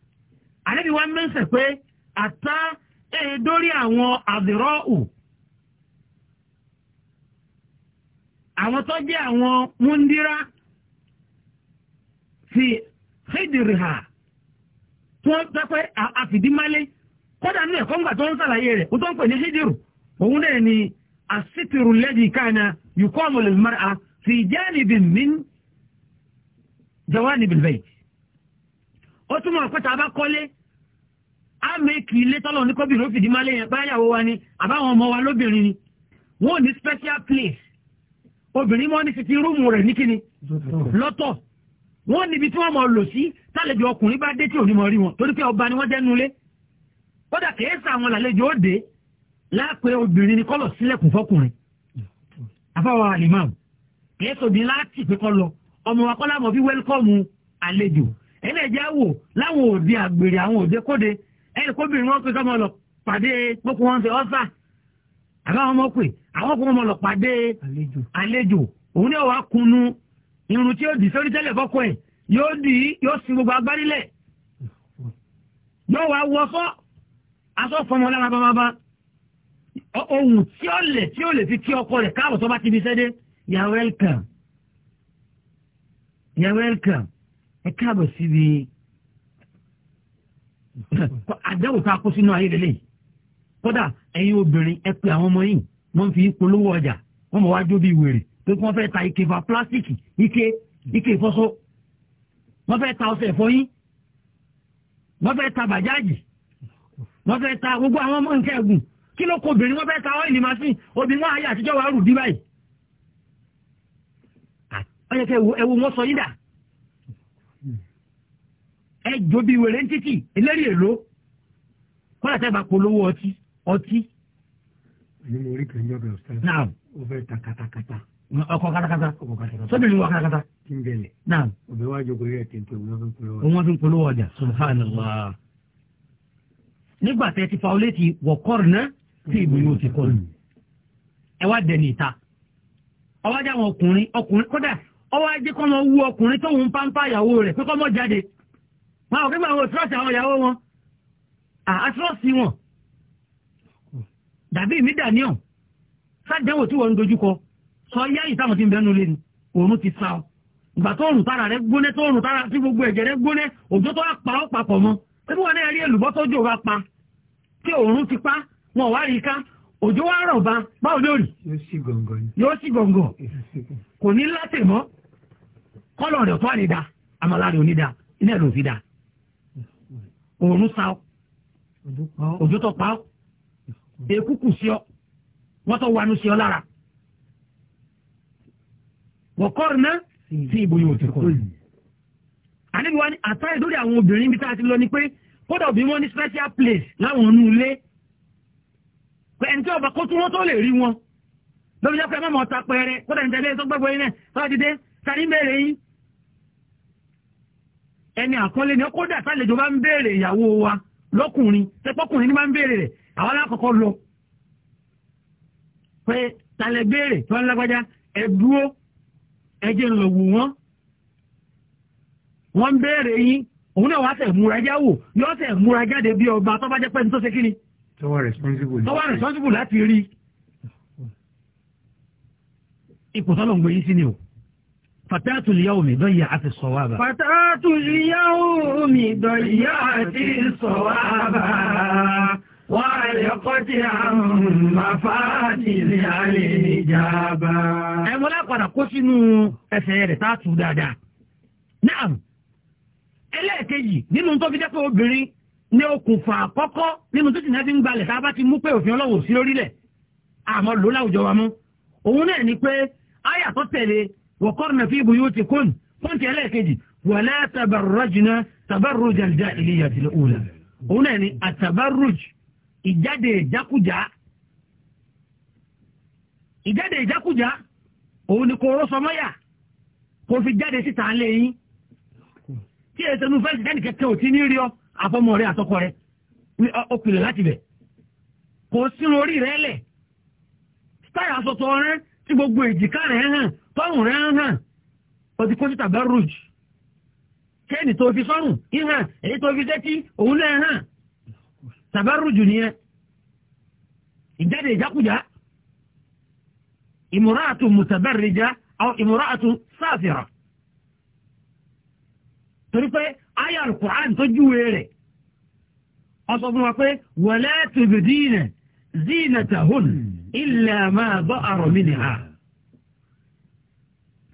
anẹ́bí wá mẹ́sẹ̀ pé àtá èédórí àwọn àdìrọ́ọ̀hù àwọn tó jẹ́ àwọn múndírá fi hídìrì hà tí wọ́n dápẹ́ àfìdímálé kódà ní ẹ̀kọ́ ńgbà tó ń sàlàyé rẹ̀ ó tó ń pè ní hídìrù òun náà ni àsìtìrù lẹ́dì káàna yuqamu lil mar'a fi janibin min jawanibil bayt ó túmọ̀ pé tá a bá kọ́lé á mẹ́kì ilé tọ́lọ̀ ní kọ́bìnrin ó fìdímálé yẹn báyàwó wa ni àbáwọn ọmọ wa lóbìnrin ni wọ́n ní special place obìnrin mọ́ ní sitting room rẹ̀ ní kíni lọ́tọ̀ wọ́n níbi tí wọ́n mọ̀ lò sí tálejò ọkùnrin bá dé tí òní mọ̀ rí wọn torí pé ọba ni wọ́n jẹ́ nulẹ̀ kódà kèésà àwọn làlejò ó dé láàpẹ obìnrin ni kọ́lọ̀ sílẹ̀kùn fọkùnrin afáwọn alimam kèésà obìnrin láti pé kọ́ lọ ọmọ wa kọ́lá mọ̀ bí wẹ́lkọ́mù àlejò ẹlẹ́jà wò láwọn òde àgbèrè àwọn òde kóde ẹnì kóbìnrin wọn pé kọ́ mọ̀ lọ pàdé pópó wọn ṣe ọ́sà àbáwọn ọmọ pè àwọn ọkùnrin mọ̀ lọ pàdé àlejò òun ni ọ̀ wá irun tí ó dì sórí tẹ́lẹ̀ fọ́kọ yóò dì í yóò sin gbogbo agbárílẹ̀ yóò wá wọ fọ́ aṣọ fọmọ lára bábábá ohun tí ó lè tí ó lè fi kí ọkọ rẹ̀ káàbọ̀ tó bá ti fi sẹ́dé yà welcome yà welcome ẹ káàbọ̀ síbi àdéhùn tá a kó sínú ayé lélẹ̀ kódà ẹ̀yin obìnrin ẹ pe àwọn ọmọ yìí wọ́n fi polówó ọjà wọ́n mọ̀ wá jó bí wèrè pé wọ́n fẹ́ ta ike fa pílásìkì ike ike ìfọ́sọ́ wọ́n fẹ́ ta ọṣẹ ìfọyín wọ́n fẹ́ ta bàjáàjì wọ́n fẹ́ ta gbogbo àwọn ọmọ nǹkan ẹ̀gùn kí ló kó obìnrin wọ́n fẹ́ ta ọ́ìlì màsín obìnrin wọn ayé àtijọ́ wa rù dí báyìí. ọ̀yẹ̀ kẹ́ ẹ̀wù wọn sọ yídà ẹ jòbi wèrè ń títì eléri èlò kọ́lá tẹ́ bá polówó ọtí ọtí. èmi mo rí kẹ́ńjọ́ bẹ̀rẹ̀ sẹ́yìn ó fẹ́ ta katakata ọkọ katakata sọdọ ni wọn katakata. kíndẹ̀lẹ̀. naam. òbí wa jogo yẹ tètè wọn fi polówó ọjà. wọn fi polówó ọjà subhanallah. nígbà tẹ ti fawọlé ti wọ kọrin náà tí ìbò yóò ti kọrin. Mm. ẹ wá dẹni ìta. ọwọ́ ajá àwọn ọkùnrin ọkùnrin kódà ọwọ́ ajé kọ́ mọ wú ọkùnrin tó ń pampa ìyàwó rẹ̀ pé kọ́ mọ jáde. wọn àwọn kíkọ́ àwọn òtúrọ̀sì àwọn ìyàwó wọn. àtúrọ̀sì wọn. dàbí ìmídàníọ̀ sádẹ́wò tí wọ́n ń dojúkọ sọ yá ìsáwọn tí ń bẹnu lé ni òórùn ti sá ọ ìgbà tó òórùn tára rẹ gbóné tó òórùn tára tí gbogbo ẹ̀jẹ̀ rẹ gbóné òjò tó wá pa ọ́ papọ̀ mọ́ ẹbí wọn náà rí èlùbọ́ tó jò wá pa tí òórùn ti pa wọn wá rí ká òjò wá rọ̀ bá báwo ló rí yóò sì gọ̀ǹgọ̀ kò ní látè mọ́ kọ́lọ̀ rẹ̀ tó àlè da àmàlà rẹ̀ da iná ẹ̀ ló fi da òórùn sá ọ òjò tó pa ọ èkúkù sí ọ wọ́n tó wanu sí ọ lára wọ̀kọ́rùnà sí ìbòyè òtẹ̀kọ́. àníbi wa ni àtàrí lórí àwọn obìnrin bí tá a ti lọ ni pé kódà òbí wọn ní special place láwọn inú ilé pé ẹni tí ọba kó tún wọn tó lè rí wọn lóbi jẹ́ pé mọ́mọ́ ta pẹ́ẹ́rẹ́ kódà ní tẹ́lẹ̀ tó gbẹ́gbẹ́ yín náà tọ́wọ́ ti dé sáré ń yín. ẹni àkọlé ni kódà sálejò bá ń béèrè ìyàwó wa lọ́kùnrin tẹ́pọ́kùnrin ni bá ń béèrè rẹ̀ àwọn alákọ̀ọ́kọ́ lọ pé talẹ̀ béèrè tí wọ́n lágbájá ẹ̀ dúró ẹjẹ́ ń lọ wò wọ́n wọ́n ń béèrè yín òun náà wá tẹ̀ múra já wò yọ́ tẹ̀ múra jáde bí ọba tó bá jẹ́ pẹ́ni tó ṣe kí ni. tọwọ́ responsible tọwọ́ responsible láti rí ipò tọ́lọ̀ ń gbé yín sí ni o. فتاة اليوم ضيعت الصواب فتاة اليوم ضيعت الصواب Wàrẹ̀lẹ́kọ́tí àmàfáàtìrí alẹ́ ìjàbá. Ẹmọ lápàdà kó sínú ẹsẹ̀ rẹ̀ tààtù dáadáa. Náàm, ẹlẹ́ẹ̀kejì nínú tó fi jẹ́pẹ́ obìnrin ní okùnfà àkọ́kọ́ nínú tó jìnà ti ń gbalẹ̀ tàbá ti mú pé òfin ọlọ́wọ̀ sí lórílẹ̀. Àmọ́ ló láwùjọ wa mú. Òun náà ni pé áyà tó tẹ̀lé wọ̀kọ́rùn-ún fi buyutikun fún ti ẹlẹ́ẹ̀kejì wala tabarrajna tabarruj al-jahiliyyati al-ula. Òun náà ni àtàbárùjì ìjáde ìjákújá ìjáde ìjákújá òun ni kò rọ́sọ mọ́yà kò fi jáde síta lé yín tí èsè nu fẹ́ẹ́ sẹ́ni kẹ́kẹ́ ò tí ní rí ọ rẹ àtọkọ rẹ ó pilẹ̀ láti bẹ̀ kò sínú orí rẹ lẹ táyà rẹ tí gbogbo èjìká rẹ hàn ti tàbárùjù nìyẹn ìjáde ìjákújá ìmúráàtù mùtàbárìjá àwọn ìmúráàtù sáfìrà torí pé ayé alukur'an tó júwe rẹ̀ ọsọ fún wa pé wala tubdina zinatahun illa ma zahara minha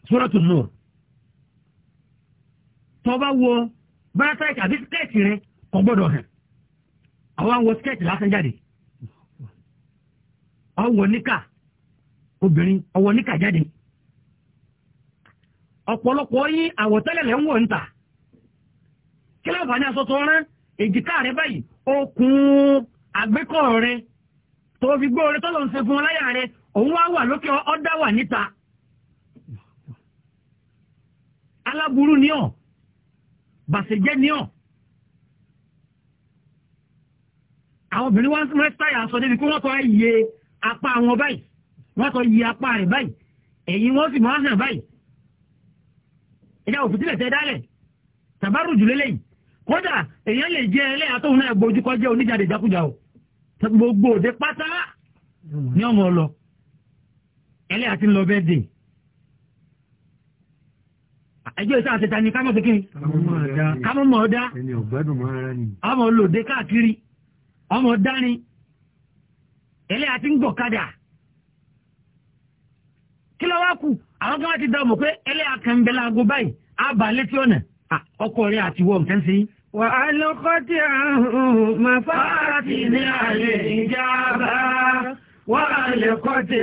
suratu nur tọ́ba wo bá táyì àbí tẹ́ẹ̀tì rẹ̀ kò hàn. àwọn àwọn skẹ́ẹ̀tì lásán jáde ọwọ́ níkà obìnrin ọwọ́ níkà jáde ọ̀pọ̀lọpọ̀ yín àwọ̀tẹ́lẹ̀lẹ̀ ń wọ̀ ń kí láǹfààní aṣọ tó rán èjìká rẹ báyìí okùn àgbékọ̀ rẹ tó fi gbóore tọ́lọ̀ ń ṣe fún ọláyà rẹ òun wá wà lókè ọ̀dá wà níta aláburú ni ọ́ bàṣẹjẹ́ ni ọ́ àwọn obìnrin wọn mọ táyà sọ débi pé wọn kọ yẹ apá wọn báyìí wọn kọ yẹ apá rẹ báyìí ẹ̀yìn wọn sì máa hàn báyìí ẹ̀dá òfìsílẹ̀ tẹ dálẹ̀ tàbárù jù lélẹ́yìn kódà èèyàn lè jẹ ẹlẹ́yà tóun náà gbojú kọjá oníjàde ìjákújà o gbogbo òde pátá ní ọmọ lọ ẹlẹ́yà ti ń lọ bẹ́ẹ̀ dè ẹjọ́ ìta àtẹ̀ta ni ká mọ̀ sí kí ni ká mọ̀ mọ̀ ọ́ dá ọmọ olóde káàkiri. ọmọ dání ẹlẹ́ àti ń gbọ̀kadà kí ló wá kù àwọn kan wá ti dá ọmọ pé ẹlẹ́ àkànbẹ́ láago báyìí á létí ọ̀nà ọkọ rẹ àti wọ́n nǹkan sí. wà á lọ kọ́tí àrùn màfáàtì ní àlè ìjábá wà á lè kọ́tí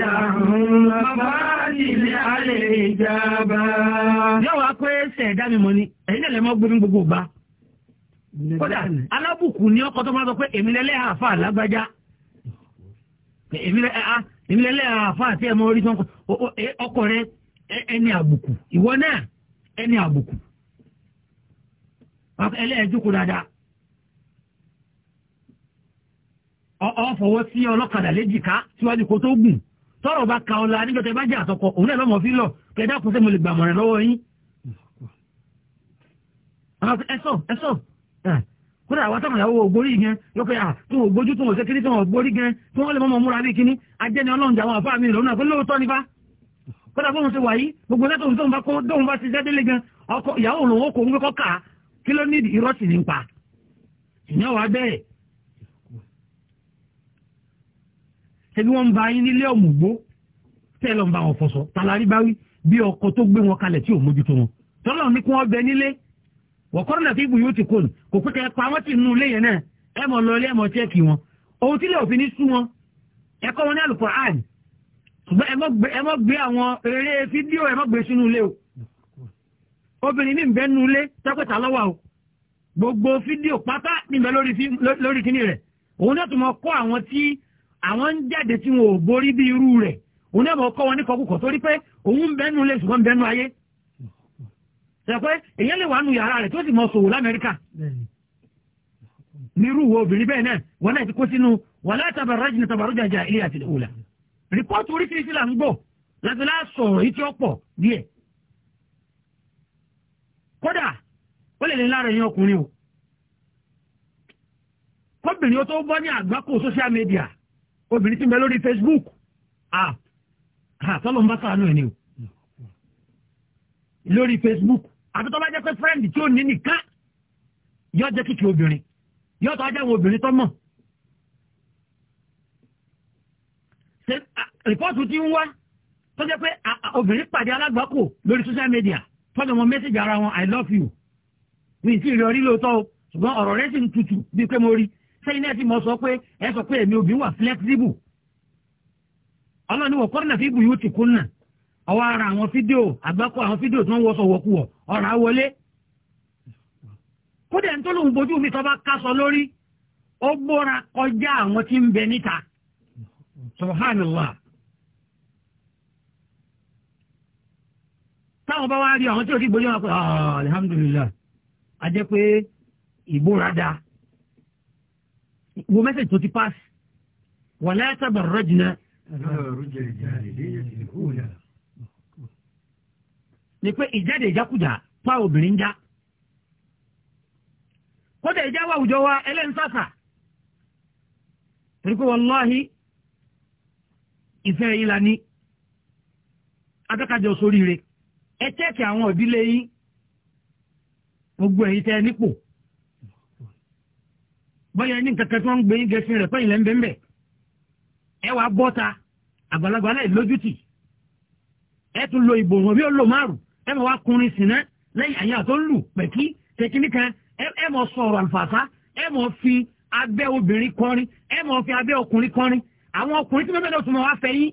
kódà alábùkù ni ọkọ tó máa sọ pé èmi lẹ́lẹ́ àáfà lágbájá èmi lẹ́lẹ́ àáfà ọkọ rẹ ẹni àbùkù ìwọ náà ẹni àbùkù ẹlẹ́ẹ̀dúkù dáadáa ọ fọwọ́ sí ọlọ́kadà léjìká síwájú kó tó gùn tọrọ bá ka àtọkọ òun náà lọmọ fi lọ kẹdà kó sẹ mo lè kódà àwọn táwọn ìyàwó ògbórí yẹn yóò pé tí wọn ògbójú tí wọn ṣe kiri tí wọn ògbórí yẹn tí wọn lè mọ́mọ́ múra bí kíní ajẹ́ni ọlọ́run jà wọn àfa mi lòun náà pé lóòótọ́ nípa kódà bóun ṣe wà yìí gbogbo ẹ̀tọ́ òun tóun bá kó dóun bá ti jáde gan ọkọ ìyàwó òun ó kó òun kọ́ ká kí ló ní ìrọ́sì ní pa ìyẹn wà bẹ́ẹ̀ ṣebí wọ́n ń ba yín nílé ọ̀mùgbó tẹ́ lọ́n wọ̀kọ́rọ̀ náà fi ibù yóò ti kò ní kò pé kẹ́ẹ̀pá wọn ti nù léyìn náà ẹ mọ̀ lọ ilé ẹ mọ̀ chẹ́ẹ̀kì wọn ohun tí lè òfin ní sú wọn ẹ̀kọ́ wọn ní Al-Qur'an ṣùgbọ́n gbé àwọn eré fídíò ẹ gbé sínú ilé o obìnrin ní ìbẹ́ nu ilé tẹ́kọ̀tà lọ́wọ́ o gbogbo fídíò pátá níbẹ̀ lórí kíní rẹ̀ òun náà tún mọ̀ kọ́ àwọn tí àwọn ń jáde tí wọn ò borí bí irú rẹ̀ òun náà mọ̀ kọ́ wọn ní kọkùkọ̀ torí pé òun ń bẹ́nu ilé ṣùgbọ́n ń ṣẹ̀fẹ́ èyàn lè wà nù yàrá rẹ̀ tó sì mọ sòwò lamẹ́ríkà nírú wo obìnrin bẹ́ẹ̀ náà wọn náà ti kó sínú wala tabarrajna tabarruja jahiliyatil ula rìpọ́ọ̀tù oríṣiríṣi là ń gbọ́ láti lá sọ̀rọ̀ yìí tí ó pọ̀ díẹ̀ kódà ó lè lè lára ẹ̀yìn ọkùnrin o kóbìnrin ó tó bọ́ ní àgbákò social media obìnrin ti ń bẹ lórí Facebook àtọ́lọ́mbásánú ẹ̀ ni o lórí Facebook àti tó bá jẹ́ pé fúrẹ́ǹdì tí ó ní nìkan yóò jẹ́ kíkì obìnrin yóò tó ajá àwọn obìnrin tó mọ̀. rìpọ́ọ̀tù ti ń wá tó jẹ́ pé obìnrin pàdé alágbàkò lórí social media fọ́dọ̀ mọ mẹ́sẹ̀gì ara wọn i love you mi ì tí ì rí orí lóòótọ́ o ṣùgbọ́n ọ̀rọ̀ rẹ sì ń tutù bíi pé mo rí sẹ́yìn náà ti mọ̀ sọ pé ẹ sọ pé èmi obìnrin wà flexible ọlọ́ni wọ̀ kọ́rọ̀nà fíìbù yóò ti kún náà ọwọ́ ara àwọn fídíò àgbákò àwọn fídíò tí wọ́n wọ́ sọ wọ́kú wọ̀ ọ̀rá wọlé kódà ń tó lóun bójú mi tọ́ bá kásọ lórí ó gbóra kọjá àwọn tí ń bẹ níta subhanallah táwọn bá wá rí àwọn tí ó ti gbójú wọn pé ah, alhamdulilah a jẹ́ pé ìbúra dáa wo mẹ́sẹ̀jì tó ti pass wala tabarrajna. ni pé ìjáde ìjákújà pa obìnrin já kódà ìjà wà àwùjọ wa ẹlẹ́nsàsà torí pé wàláhì ìfẹ́ la ní akẹ́kọ̀ọ́ sóríire ẹ tẹ́ẹ̀kì àwọn ìdílé yín gbogbo ẹ̀yin tẹ́ ẹ nípò bọ́yá ẹni kankan tí wọ́n ń gbé yín gẹ̀ẹ́sì rẹ̀ pẹ́yìn lẹ́ńbẹ́ńbẹ́ ẹ mọ̀ wá kunrin sìnà lẹ́yìn àyà tó ń lù pẹ̀kí tẹkíníkà ẹ mọ̀ sọ̀rọ̀ àǹfààfà ẹ mọ̀ fi abẹ́ obìnrin kọrin ẹ mọ̀ fi abẹ́ ọkùnrin kọrin àwọn ọkùnrin tí mẹ́fẹ́ lọ́tún mọ̀ wá fẹ́ yín.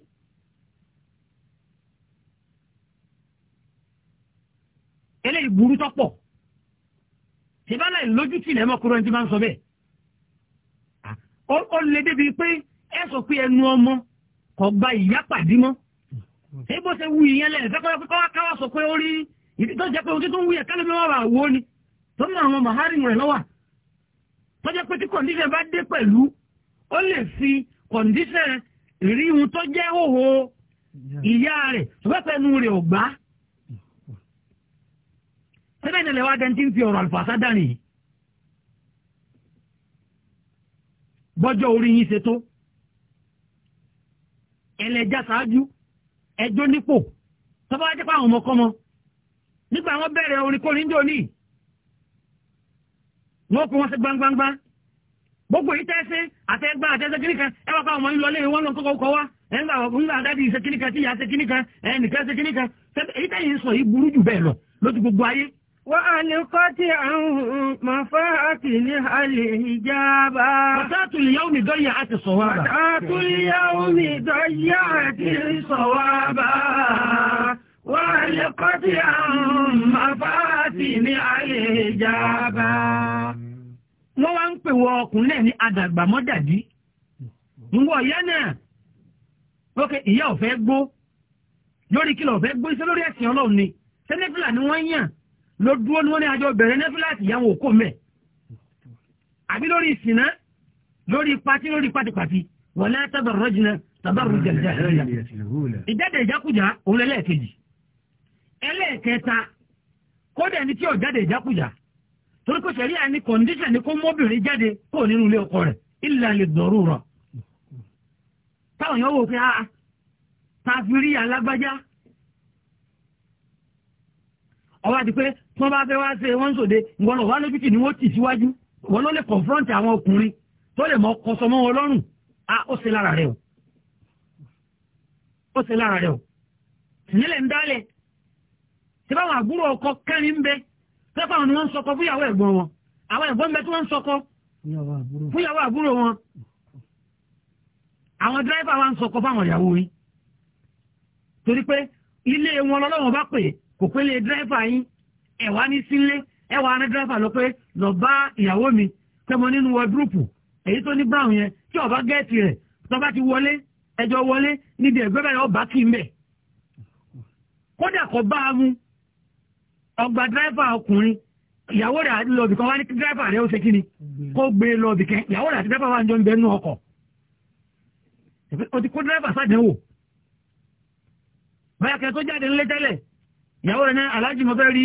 eléyìí burú tọ́pọ̀ tìbálà ìlójútì lẹ́mọ kúrò ẹni tí máa ń sọ bẹ́ẹ̀ ó lè débi pé ẹ sọ pé ẹnu ọmọ kò gba ìyá pàdé mọ́ ṣé bó ṣe wù ìyẹn lẹ́yìn fẹ́ kọ́ kọ́ káwá sọ pé ó rí ìdí tó jẹ́ pé ohun tó ń wù yẹn kálí mi wà wà wò ni tó ní àwọn mahari rẹ̀ lọ́wà tó jẹ́ pé tí kọ̀ǹdíṣẹ̀ bá dé pẹ̀lú ó lè fi kọ̀ǹdíṣẹ̀ ọ̀rọ̀ àlùfàṣà dání bọ́jọ́ orí yín ṣe tó ẹlẹ́jà ṣáájú ẹjọ́ nípò tọ́ba wá jẹ́ pé àwọn ọmọkọ́mọ nígbà wọn bẹ̀rẹ̀ orin kórin jò ní wọn kó wọn sí gbangbangba gbogbo yìí tẹ́sí àtẹ́gbá àtẹ́sẹ́ kìíní kan ẹ wá káwọn ọmọ yìí lọlé wọn lọ kọ́kọ́ kọ́ wá ẹ ńgbà wọn ńgbà dáàdi ìṣe kìíní kan tí ìyá ṣe kìíní kan ẹ nìkan ṣe kìíní kan èyí tẹ́yìn sọ yìí burú jù bẹ́ẹ̀ lọ lójú gbogbo ayé وألقت عنه مفاتن الإجابة متات اليوم ضيعت الصواب متات اليوم ضيعت الصواب وألقت عنه مفاتن الإجابة wọ́n wá ń pè wọ ọkùnrin ní àdàgbà mọ́dàdí ìwọ ìyá náà ókè ìyá ọ̀fẹ́ gbó lórí kìlọ̀ ọ̀fẹ́ gbó iṣẹ́ lórí ẹ̀sìn ọlọ́run ni sẹ́nẹ́fìlà ni wọ́n yàn ló dúró ni wọ́n ní àjọ bẹ̀rẹ̀ nẹ́fíláàtì ìyàwó òkò mẹ́ àbí lórí ìsìnà lórí pati lórí pátipàti wọ́n lẹ́ tẹ́bẹ̀rẹ̀ jìnnà tàbárù jẹ̀jẹ̀ ìjáde ìjákújà òun lẹ́lẹ́ẹ̀kejì ẹlẹ́ẹ̀kẹta kódà ní tí ò jáde ìjákújà torí kò sẹ́rí àní kọ̀ǹdíṣàn ni kó mọ́bìnrin jáde kó nínú ilé ọkọ rẹ̀ ìlà lè dọ̀rù rọ̀ táwọn yóò wò pé ah, a alágbájá ọwọ́ àti tí wọ́n bá fẹ́ wá ṣe wọ́n ń sòde ìwọ́n lọ́wọ́ lójútì ni wọ́n tì síwájú wọ́n ló lè confront àwọn ọkùnrin tó lè mọ kọsọ mọ́ wọn lọ́rùn a ó ṣe lára rẹ̀ o ó ṣe lára rẹ̀ o nílẹ̀ ń dálẹ̀ tí báwọn àbúrò ọkọ kẹrin ń bẹ pẹ́pà ni wọ́n ń sọkọ fúyàwó ẹ̀gbọ́n wọn àwọn ẹ̀gbọ́n bẹ tí wọ́n ń sọkọ fúyàwó àbúrò wọn àwọn dírẹ́fà wa ń sọkọ fáwọn ìyàwó yìí torí pé ilé wọn lọ́lọ́wọ́n bá pè kò pélé dírẹ́fà yín ẹ̀wá ní sílé ẹ̀wá ní dírẹ́fà lọ pé lọ bá ìyàwó mi tẹ́mọ nínú wọ́dúrúpù èyí tó ní brown yẹn tí ọba gẹ́ẹ̀tì rẹ̀ tọba ti wọlé ẹjọ wọlé níbi ẹgbẹ́ bẹ̀rẹ̀ ọba kì í mẹ́ kódà kọ bá a mú ọgbà dírẹ́fà ọkùnrin ìyàwó rẹ̀ àti lọ́ọ̀bì kan wá ní dírẹ́fà rẹ̀ ó ṣe kí ni kó gbé e lọ́ọ̀bì kẹ́ ìyàwó rẹ̀ àti dírẹ́fà wà ń jọ ń bẹ nínú ọkọ̀ ó ti kó dírẹ́fà sádẹ́wò báyà kẹ́ tó jáde ńlẹ́ tẹ́lẹ̀ ìyàwó rẹ̀ ní aláàjì mo fẹ́ rí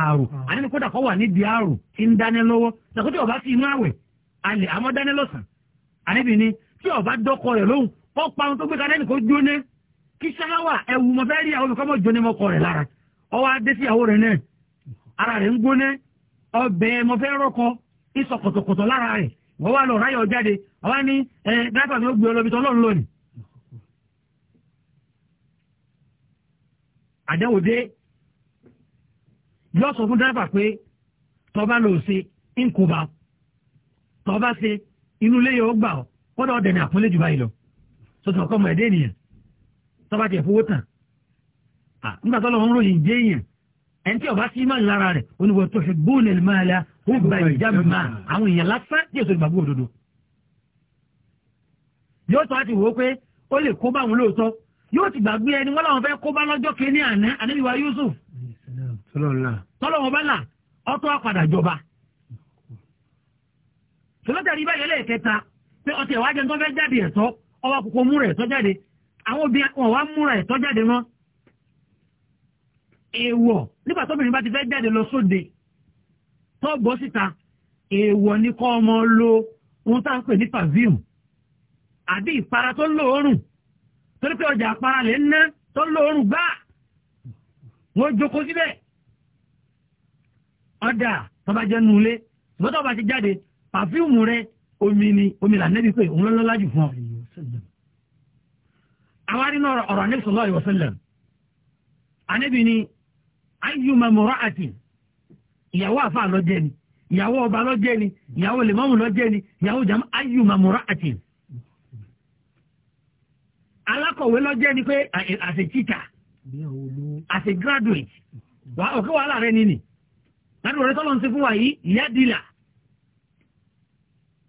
àrùn àní kódà kọ́ wà níbi àrùn tí ń dáná lọ́wọ́ ṣàkóso ọba sí inú àwẹ̀ alẹ̀ àmọ́ dáná lọ́sàn ni tí ọba dọ́kọ rẹ̀ lóhùn kọ́ pa tó gbé kalẹ́ nìkan jóná kí ṣáláwà ẹ̀wù mọ̀ fẹ́ rí àwọn olùkọ́ mọ̀ jóná rẹ̀ lára ọwọ́ adé sí rẹ̀ náà ara rẹ̀ ń ọbẹ̀ fẹ́ rọ́kọ ìsọ kọ̀tọ̀kọ̀tọ̀ lára rẹ̀ wọ́n lọ ráyọ̀ jáde yọ sọ fún dírẹ́fà pé tọ́ba ló ṣe ń kó bá tọ́ba ṣe inú ilé yóò gbà ọ́ kọ́dà ọ̀dẹ̀ ní àpọ́nlé jù báyìí lọ sọ̀tún ọ̀kọ́ ọmọ ẹ̀dẹ́ ènìyàn tọ́ba tiẹ̀ fowó tàn nígbà tó lọ́wọ́ ń ròyìn jẹ́ èèyàn ẹni tí ọba sí máa ń lára rẹ̀ oníwọ̀ tó ṣe bóun ẹ̀lì máa la ó gba ìjà mi máa àwọn èèyàn lásán yóò tó ìgbàgbọ́ òdodo yóò tó àti wò ó pé ó lè kó bá àwọn lóòótọ́ yóò ti gbàgbé ẹni wọ́n làwọn fẹ́ kó bá lọ́jọ́ kínní àná ànábìwá Yusuf tọ́lọ́wọ́ bá là ọtọ́ apàdà jọba tòlótàrí báyọ̀ lẹ́ẹ̀kẹta pé ọtí ẹ̀wá jẹun tó fẹ́ jáde ẹ̀tọ́ ọwọ́ kókó múra ẹ̀tọ́ jáde àwọn obìnrin wọn wá múra ẹ̀tọ́ jáde mọ́ èèwọ̀ nígbà tóbìnrin bá ti fẹ́ jáde lọ sóde tó bọ́ síta èèwọ̀ ni kọ́ ọmọ lo ohun tá à ń pè ní perfume àbí ìpara tó lóòórùn torí pé ọjà àpárá lè ń ná tó lóòórùn gbáà wọ́n jókòó síbẹ̀ ọ̀dà tọ́ba jẹ́ nulẹ̀ ṣùgbọ́n tọ́ba ti jáde pàfíùmù rẹ omi ni omi là nẹ́bi pé òun lọ́lọ́lá jù fún ọ. àwa nínú ọ̀rọ̀ anẹ́bi sallallahu alaihi wasallam anẹ́bi ni ayyuma mura'atin ìyàwó àfa lọ́jẹ́ ni ìyàwó ọba lọ́jẹ́ ni ìyàwó lèmọ́mù lọ́jẹ́ ni ìyàwó jàmọ́ ayyuma mura'atin alákọ̀wé lọ́jẹ́ ni pé as a teacher as a graduate wa òkè wàhálà rẹ nínì láti wọlé tọ́lọ́ ti fún wa yìí yadila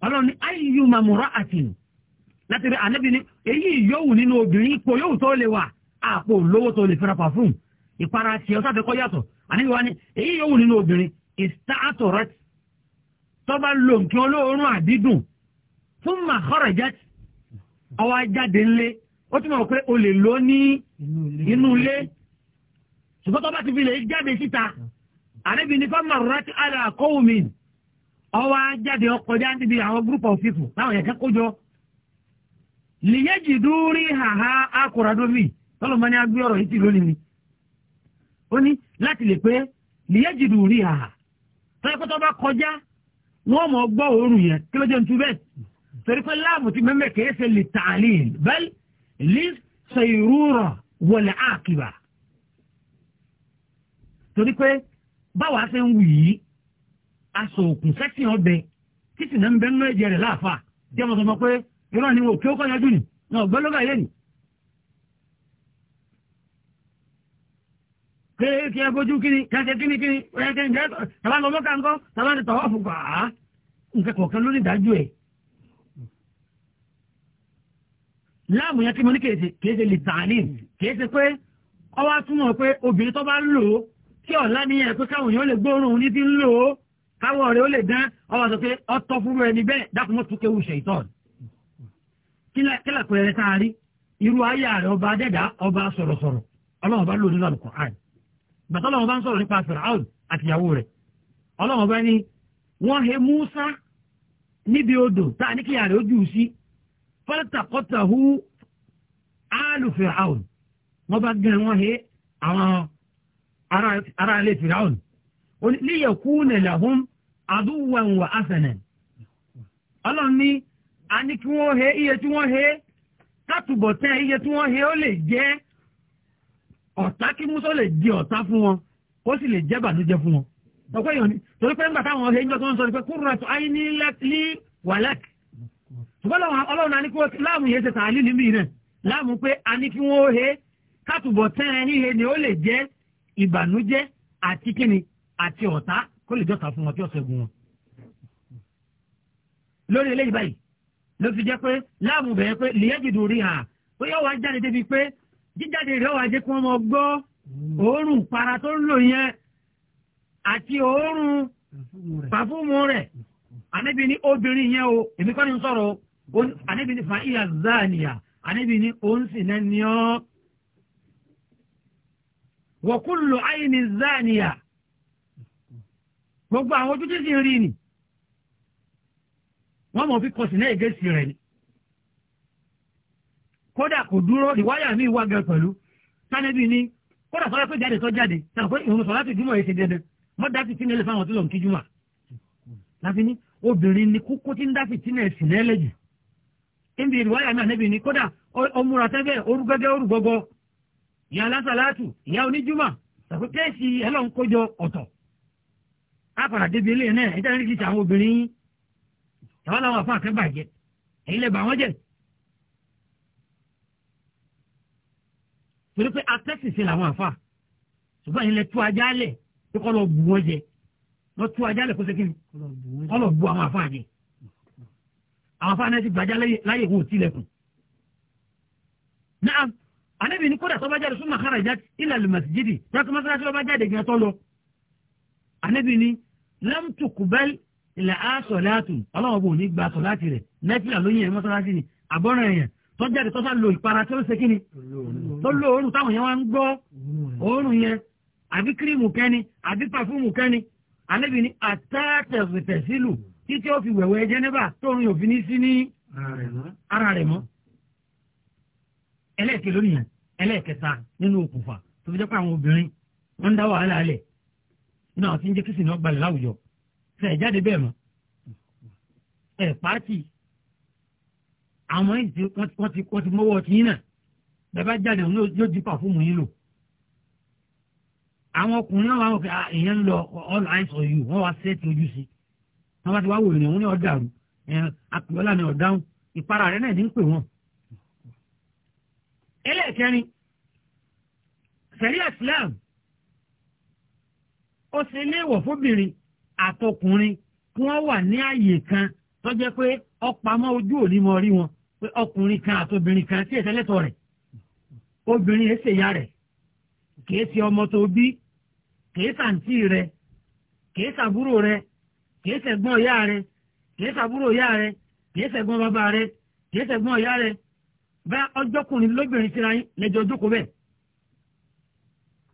ọlọ́ni ayyuma mura'atin láti rí ànábì ní èyí yòówù nínú obìnrin ipò yòówù tó lè wà àpò lówó tó lè fẹ́ra pàfún ìpara tiẹ̀ ọ̀sá àtẹ́kọ́ yàtọ̀ ànábì wa ní èyí yòówù nínú obìnrin ista'tarat tọ́ba lò nǹkan olóorun àdídùn thumma kharajat ọwọ́ ajáde ńlé ó túmọ̀ pé o lè lò ní inú ilé ṣùgbọ́n tọ́ba ti fi lè jáde síta àníbi ní fáwọn rati ala qawmin ọwọ́ ajáde ọkọjá níbi àwọn group of people láwọn yẹn kẹ́kọ̀ọ́ jọ lìyẹ́jì dúrí haha akọ̀rọ̀dọ́mì tọ́lọ́mọ ní agbé ọ̀rọ̀ yìí ti lónìí ni ó ní láti lè pé lìyẹ́jì dúrí haha tọ́lọ́kọ́tọ́ bá kọjá wọ́n mọ̀ gbọ́ òórùn yẹn kí ló jẹ́ ntú bẹ́ẹ̀ torí pé láàmù ti mẹ́mẹ́ kìí ṣe lè tààlì bẹ́ẹ̀ lè ṣe ìrúrọ̀ wọlé àkìbà torí pé báwa ṣe ń wù yìí aṣọ òkun sẹ́kìn ọbẹ̀ títì náà ń bẹ nínú ẹ̀jẹ̀ rẹ̀ láàfà jẹ́ mọ̀ sọmọ pé irọ́ ni òkè ó kọ́yanjú nì ní ọ̀gbẹ́ lọ́gà yé nì. pé kí ẹ bójú kíni kí ẹ ṣe kíni kíni ẹ ṣe ǹjẹ́ tàbá lọ mọ́kà ńkọ́ tàbá ti tọ̀wọ́ fún gbà á nǹkan kọ̀ọ̀kan ló ní ìdájú ẹ̀. láàmù yẹn kí mo ní kèéṣe kèéṣe lè tàn ní kèéṣe pé ọwọ́ á túmọ̀ pé obìnrin tó bá lò ó tí ọ̀la ní ẹ̀ pé káwọn èèyàn lè gbóòórùn ní ti ń lò ó káwọn ọ̀rẹ́ ó lè dán ọwọ́ sọ pé ọtọ́ fúru ẹni bẹ́ẹ̀ dákun mọ́ tún kéwu ṣèitọ́n kílà pé ẹ sáà rí irú ayé rẹ ọba adẹ́dá ọba sọ̀rọ̀sọ̀rọ̀ ọlọ́run bá lò nínú Al-Qur'an bàtà ọlọ́run ń sọ̀rọ̀ nípa Fir'aun àtìyàwó rẹ̀ rẹ̀ ó ara alẹ́ fìràwùn oníléyẹ̀kúnẹ̀ làhún adúwẹ̀wọ̀ àfẹ̀nẹ̀ ọlọ́run ní a ní kí wọ́n he iye tí wọ́n he kátùbọ̀ tẹ́ iye tí wọ́n he ó lè jẹ́ ọ̀tá kí musa lè di ọ̀tá fún wọn ó sì lè jẹ́ bànújẹ́ fún wọn ọ̀pẹ́ yìí ni torí pé he tó ń sọ ni pé kúrò tó ayé ní wàlẹ́k ọlọ́run a ní kí wọ́n láàmú yẹn ṣe tààlí láàmú pé a ní kí wọ́n he kátùbọ̀ tẹ́ iye ni ìbànújẹ́ àti kíni àti ọ̀tá kó lè jọ́ta fún wọn kí ọ̀sẹ̀ gun wọn. lórí eléyìí báyìí ló fi jẹ́ pé láàmú bẹ̀rẹ̀ pé lìyẹ́jìdù rí hà ó yọ wá jáde débi pé jíjáde rẹ̀ wá jẹ́ kí wọ́n mọ gbọ́ òórùn para tó ń lò yẹn àti òórùn pàfúmù rẹ̀ ànábi ní obìnrin yẹn o èmi kọ́ni ń sọ̀rọ̀ ànábi ní fa ìyá zaniya ànábi ní òun náà ní ọ́ wọ̀kúlù àyìnì záàníyà gbogbo àwọn ojú títí rí ni wọ́n mọ̀ fi kọsì náà ègésì rẹ̀ ni kódà kò dúró ìwáyà mi wá gan pẹ̀lú sánẹ́bí ni kódà sọ́lá tó jáde tó jáde náà pé ìrùn sọ́lá tó júmọ̀ yìí ṣe dandan mọ́ dá fìtí nílẹ̀ fáwọn tó lọ kí júmọ̀ láti ní obìnrin ni kókó tí ń dá fìtí náà sì nẹ́lẹ̀ jù níbi ìwáyà mi ànẹ́bí ni kódà ọmúra tẹ́fẹ́ orúgẹ́gẹ́ orúgọ́gọ́ ìyá alásàlátù ìyá oníjúmọ̀ tàbí kéèsì ẹlọ́run kójọ ọ̀tọ̀ àpàrà débi ilé náà ẹ̀jẹ̀ ní kìí ṣe àwọn obìnrin yín tàwọn làwọn àfa àkẹ́ bàjẹ́ èyí lè bà wọ́n jẹ́ torí pé akẹ́sìsì làwọn àfa ṣùgbọ́n ilẹ̀ tú ajá lẹ̀ pé kọ́ lọ bù wọ́n jẹ wọ́n tú ajá lẹ̀ kó segin kọ́ lọ bù àwọn àfa jẹ àwọn àfa náà ti gbàjá láyè wọn tilẹ̀kùn anabi ní kódà tọ́ba jáde súnmọ́ àkàrà jáde ilà lùmọ̀síjìdì tọ́ka mọ́sálásí lọ́ba jáde gan tọ́lọ. anabi ní lamtukubal ilà asọ̀láàtù ọlọ́wọ́ bò ní gba sọ̀láàtì rẹ̀ nẹ́fìlà lóyún ẹ̀ mọ́sálásí ni àbọ̀ràn ẹ̀yàn tọ́jáde tọ́sá lo ìpara tó ṣe kíni tó lo òórùn táwọn yẹn wá ń gbọ́ òórùn yẹn àbí kírímù kẹ́ni àbí pàfúmù kẹ́ni anabi ní àtàtẹ̀fẹ̀tẹ̀sílù títí ó fi wẹ̀wẹ̀ jẹ́nẹ́bà tóun yóò fi ní sí ní ara rẹ̀ mọ́ ẹlẹ́ẹ̀kẹ́ lónìí yẹn ẹlẹ́ẹ̀kẹta nínú òkùnfà tó fi jẹ́ pé àwọn obìnrin wọ́n ń dá wàhálà alẹ̀ nínú àwọn tí ń jẹ́ kìsìn náà gbalẹ̀ láwùjọ ṣe ẹ̀ jáde bẹ́ẹ̀ mọ́ ẹ̀ pàtì àwọn èyí tí wọ́n ti wọ́n ti mọ́wọ́ ti yín náà bẹ́ẹ̀ bá jáde òun yóò di pàfúmù yín lò àwọn ọkùnrin náà wà wọ́n fi ah, èèyàn ń lọ all eyes on you wọ́n wá sẹ́ẹ̀tì ojú sí wọ́n bá ti wá wò ni ọ̀dáhùn ìpara rẹ̀ náà ní ẹlẹ́ẹ̀kẹrin sẹ̀ríà Islam ó àtọkùnrin kí wọ́n wà ní kan tó jẹ́ pé kan kan rẹ̀ obìnrin ya rẹ̀ kìí ṣe ọmọ tó bí kìí rẹ̀ kìí ṣàbúrò rẹ̀ kìí ṣẹ̀gbọ́n rẹ̀ kìí ṣàbúrò rẹ̀ kìí ṣẹ̀gbọ́n bàbá rẹ̀ bá ọjọ́kùnrin lóbìnrin síra yín lẹ́jọ́ ojókòó bẹ́ẹ̀.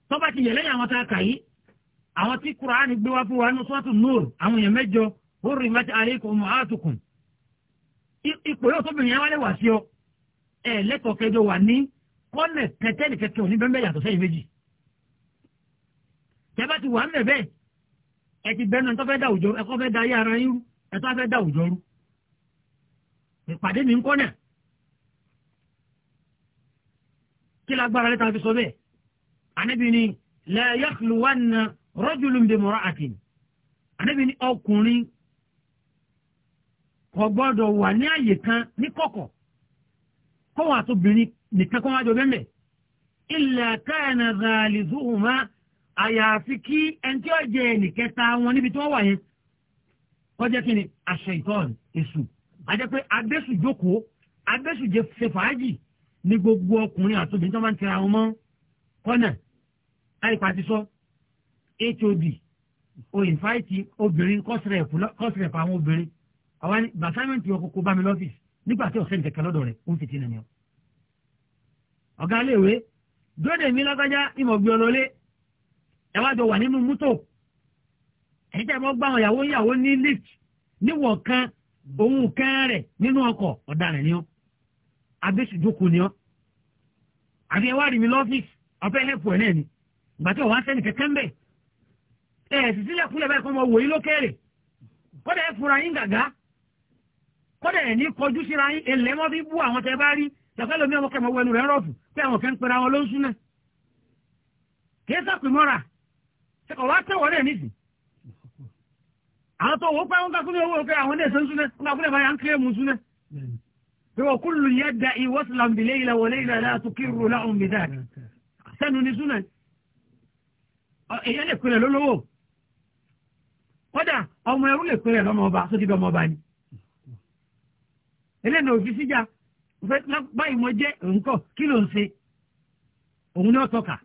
tọ́ba ti yẹ̀ àwọn tá a kà yìí àwọn tí kuraani gbé wá fún wa nínú sọ́ọ̀tù nóòrù àwọn èèyàn mẹ́jọ ó rìn mẹ́ta àlẹ́ ikọ̀ ọmọ àtùkùn. ipò yóò tóbìnrin yẹn wálé wá sí ọ ẹ lẹ́kọ̀ọ́ kẹjọ wà ní kọ́lẹ̀ kẹtẹ́lì kẹtẹ́ òní bẹ́ẹ̀ yàtọ̀ sẹ́yìn méjì. tẹ́bá ti wà ń bẹ̀ ẹ ti bẹ́ẹ̀ náà tó fẹ́ dà òjò ẹ̀kọ́ fẹ́ da ayé ara yín rú ẹ̀tọ́ fẹ́ dà òjò rú. ìpàdé mi ń kọ́ náà kí lágbára lẹ́ta fi sọ bẹ́ẹ̀ ànábì ni la yakhluwanna rajulun bi mura'atin ànábì ni ọkùnrin kò gbọ́dọ̀ wà ní àyè kan ní kọ̀kọ̀ kó wà tó bìnrin nìkan kó wá jọ bẹ́ẹ̀ illa kana zalizuhuma àyàfi kí ẹni ó jẹ ẹnìkẹta wọn níbi tí wọ́n wà yẹn kọjá kí ni aṣọ ìtọ́n èṣù àjẹpẹ́ abẹ́sù jókòó abẹ́sù ní gbogbo ọkùnrin àtòbìnrin tó máa ń tẹra wọn mọ́ kọ́nà àìpa ti sọ hod o ìnfàìtì obìnrin kọ́sìrẹ̀pù àwọn obìnrin àwa ni bàtàmẹ́ǹtì ọkọ̀ọ̀kọ̀ bá mi lọ́fíìsì nígbà tí ọ̀sẹ̀ nìkẹ́kẹ́ lọ́dọ̀ rẹ̀ ó ń fìtí nàní ọ. ọ̀gá iléèwé dóde mi lágbájá ìmọ̀gbé ọlọ́lé ẹ wá jọ wà nínú mútò ẹ̀yìn tí a bọ́ gbá àwọn ìyàwó ní lift níwọ̀n kan òun kan nínú ọkọ̀ ọ̀daràn ni ó abéṣùjókòó ni ọ́ àbí ẹ wá rí mi lọ́fíìsì ọ̀fẹ́ ẹlẹ́pọ̀ ẹ̀ náà ni ìgbà tí ọ̀wá ń sẹ́ni kẹ̀kẹ́ ń bẹ̀ ẹ̀ sì sílẹ̀ kúlẹ̀ báyìí kọ́ mọ wòye lókèrè kọ́dà ẹ fura yín gàgá kọ́dà ẹ̀ ní kọjú síra yín ẹ̀lẹ́ mọ́ fi bú àwọn tẹ bá rí tẹ̀fẹ́ lomi ọmọ kẹmọ wẹnu rẹ̀ rọ̀fù pé àwọn kẹ́ ń pera wọn ló ń súná kẹ́ wa kullu yadda'i waslan bi layla wa layla la tuqirru lahum bi dhalik sẹ́nu ni súnà èyàn lè pinnu lólówó kódà ọmọ ẹrú lè pinnu lọ́mọ ọba sókè bí ọmọ ọba ni eléyìí ní òfin síjà báyìí mo jẹ́ nǹkan kí ló ń ṣe òun náà tọ́ka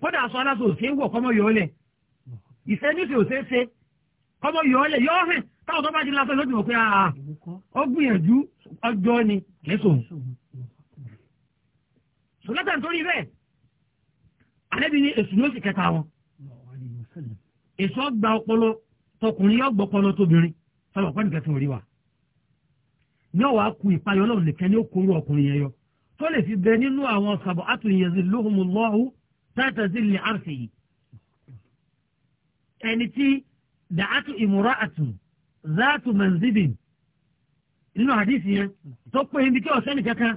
kódà aṣọ aláṣọ òṣèwọ̀ kọ́mọ yọ̀ọ́lẹ̀ ìfẹ́ nífẹ̀ẹ́ òṣèṣe kọ́mọ yọ̀ọ́lẹ̀ yọ̀ọ́ táwọn tó bá ti lásán lójú òpin àà ah, ó gbìyànjú ọjọ́ ni lẹ́sọ̀ sọlọ́tà nítorí bẹ́ẹ̀ alẹ́bí ni èsù ló sì kẹta wọn èsù ọgbà ọpọlọ tọkùnrin yóò gbọpọlọ tóbìnrin sọlọ ọpẹ nìkan tí wọn rí wa ní ọwọ́ akú ìpayọ Ọlọ́run nìkan ní okòrò ọkùnrin yẹn yọ tó lè fi bẹ nínú àwọn sàbọ àtúnyẹsí lóhùnmùlọhù tàtàzí lè àrùsì yìí ẹni tí dàátù ìmúra àtùn zaatu manzibin nínú àdìsí yẹn tó pé ibi tí ọ̀sẹ́ nìkankan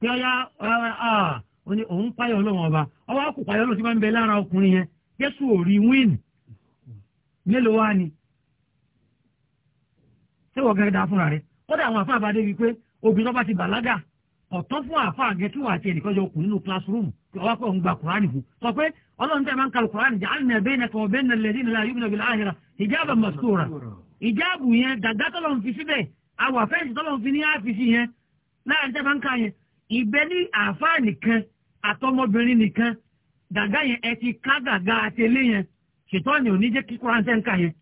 pé a òun payọ̀ ọlọ́wọ́n ọba ọwọ́ àkùkù payọ̀ ọlọ́wọ́n ti máa ń bẹ lára ọkùnrin yẹn jésù ò rí wíìnì mélòó wá ni ṣé wọ́n gẹ́gẹ́ dá fúnra rẹ̀ kódà àwọn àfáà bá dé wípé obìnrin ọba ti bàlágà ọ̀tọ́ fún àfáà gẹ́tù àti ẹnìkan kù nínú classroom ọwọ́ pé òun gba sọ pé ọlọ́run tẹ̀ máa ń kalu ìjáàbù yẹn gàgá tọ́lọ̀ ń fi síbẹ̀ awà fẹ́ǹsì tọ́lọ̀ ń fi ní àfìsí yẹn láàrin tẹ́ bá ń ka yẹn ìbẹ́ ní àáfàá nìkan àtọmọbìnrin nìkan gàgá yẹn ẹ ti ká gàgá àtẹlé yẹn ṣètọ́ni òní jẹ́ kíkọ́ rántẹ́ ń ka yẹn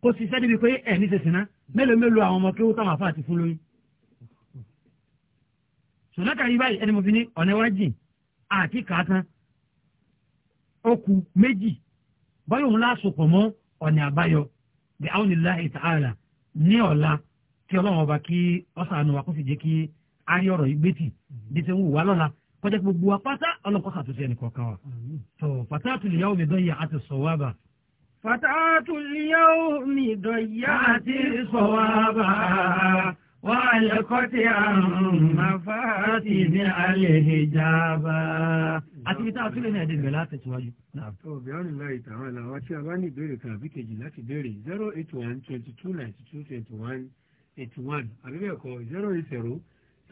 kò sì sẹ́ débi pé ẹ̀ ní sèṣìná mélòó mélòó àwọn ọmọ kéwú táwọn àfáà ti fún lóyún. sọ̀nàkà yìí báyìí ẹni mo fi ní ọ̀nà iwájú àti kàátán ó ku méjì báyọ̀ òun láṣọ pọ̀ mọ́ ọ̀nà àbáyọ bí aunillahi ta'ala ní ọ̀la kí ọlọ́run ọba kí ọ̀sán wa kó sì jẹ́ kí ayé ọ̀rọ̀ yìí gbẹ́tì bí ṣe ń wù wá lọ́la kọjá gbogbo wa pátá ọlọ́run kó ṣàtúnṣe ẹnì kọ̀ọ̀kan wa. tó fatatul yawmi dayya'ati sawaba. fatatul yawmi dayya'ati sawaba. Wàlẹ́kọ́tí àrùn mafáàtì ní alẹ́ ìjàmbá. Àtibítà àtúlẹ̀ ní ẹ̀dẹ̀gbẹ̀ láti tẹ̀síwájú. Ọ̀bẹ̀ ọ̀rìn lọ ìtàwọn làwọn tí a bá ní ìbéèrè kan àbí kejì láti béèrè zero eight one twenty two ninety two twenty one eight one àbí bẹ́ẹ̀ kọ́ zero eight zero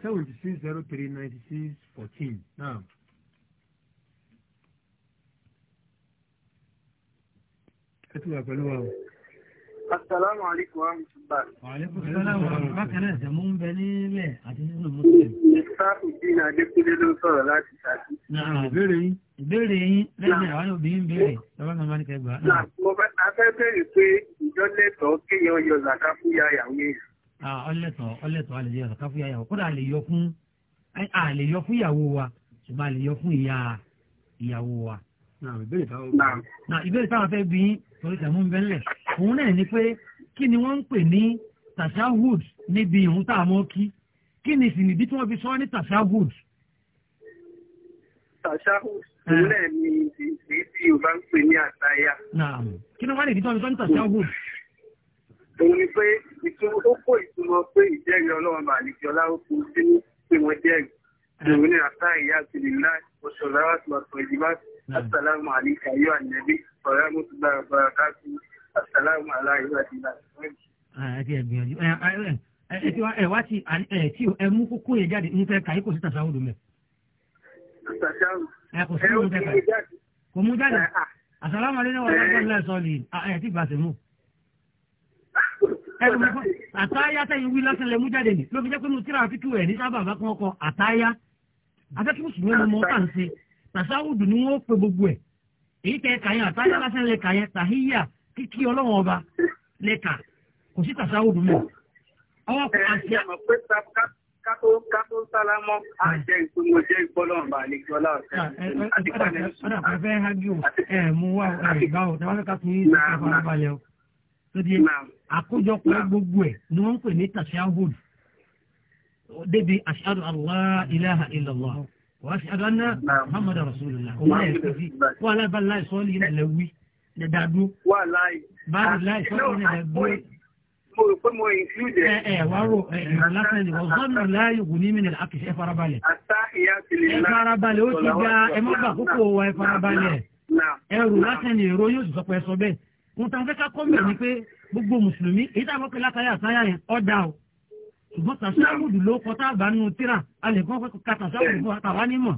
seventy six zero three ninety six fourteen náà. Ẹ tún wà pẹ̀lú wa o. Assalamu alaikum wa rahmatullah. Wa alaikum salam wa rahmatullah. Mo ń bẹ nílẹ̀ àti nínú Mùsùlùmí. Ìsáàkù dín Adékúnlé ló sọ̀rọ̀ láti ṣáàkì. Ìbéèrè yín. Ìbéèrè yín lẹ́yìn àwọn obìnrin béèrè lọ́wọ́ náà máa ní kẹgbàá. Mo fẹ́ afẹ́ bẹ̀rẹ̀ pé ìjọ lẹ́tọ̀ọ́ kéèyàn yọ zàká fún ya ìyàwó yẹn. Ọlẹ́tọ̀ ọlẹ́tọ̀ a lè yọ zàká fún ya ìyàwó. Kódà a lè yọ fún a lè yọ fún ìyàwó wa ṣùgbọ́n a lè yọ fún ìyá ìyàwó wa. Ìbéèrè táwọn fẹ́ bí torí ìdààmú ń bẹ́lẹ̀ òun náà ni pé kí ni wọ́n ń pè ní woods níbi ìhun tá a mọ́ kí kí ni sì nìdí tí wọ́n fi sọ ní tashahud. tashahud òun náà ni ìdí tí Yorùbá ń pè ní àtàyà. kí ni wọ́n lè dí tí wọ́n fi sọ ní tashahud òun ni pé ìtumọ̀ ó kó ìtumọ̀ pé ìjẹ́rìí ọlọ́run bá àlejò ọláwó fún pé wọ́n jẹ́rìí òun ni àtà ìyá àtìlélá ọ̀ṣọ̀láwà tó àtọ̀ ìdìbò àtàlámù warahmatullahi wabarakatuh assalamu alaykum wa rahmatulahi wa barakatuh. ẹ ti wá ẹ wá ti ẹ ti ẹ mú kókó yẹn jáde ń fẹ́ kàyí kò sí tàṣàwùdù mẹ́. tàṣàwùdù ẹ kò sí ìwé fẹ́ kàyí kò mú jáde ah, ah. assalamu alaykum wa rahmatulahi sọ́ọ̀lì ah, ẹ ti gbà sẹ́mu àtàyà tẹ̀yìn wí lásán lẹ́mú jáde ní ló fi jẹ́ pé mo tíra àfikú ẹ̀ ní sábà bá kọ́ ọkọ̀ àtàyà afẹ́kí mùsùlùmí ọmọ ọ̀tà ń ṣe tàṣàwùdù ni wọ́n pe gbogbo ẹ̀ èyí tẹ kàyàn àtàyà lásán lè kàyàn tàhíyà kíkí ọlọ́wọ́n ọba lè kà kò sí tàṣáwùdù mọ́. ọwọ́ kò á ṣe. kátó kátó sálámọ́ á jẹ́ ìpinnu jẹ́ ìgbọ́lọ́mọba àlejò ọlá ọ̀sẹ̀. ọ̀dà pẹ̀fẹ́ hágíò ẹ̀ mú wá ìgbà ò tẹ́wọ́n fẹ́ ká tún yín ìgbà farabalẹ̀ o. lóde àkójọpọ̀ gbogbo ẹ̀ ni wọ́n ń pè ní tàṣáwùdù débi ashhadu allah ilaha illallah وأشهد أن محمد رسول الله وما يكفي ولا بل لا يصلي لوي لدادو ولا بل ah, لا يصلي لدادو mo rò pé mo include ẹ. ẹ ẹ wá rò ẹ eh, ìrànlásán eh, ni wọn zọnà láàyè ògùn ní mìíràn àkì ẹ farabalẹ̀. ata ìyá tìlẹ̀ náà ẹ farabalẹ̀ ó ti da ẹ má bà kókó wa ẹ farabalẹ̀. ẹ rò lásán ni èrò yóò sọ pé ẹ sọ bẹ́ẹ̀. mo fẹ́ ká kọ́ mi ṣùgbọ́n tàṣàbùdù ló kọ tá a bá nínú tíra a lè kọ́ ká tàṣàbùdù fún àtàwá ní mọ̀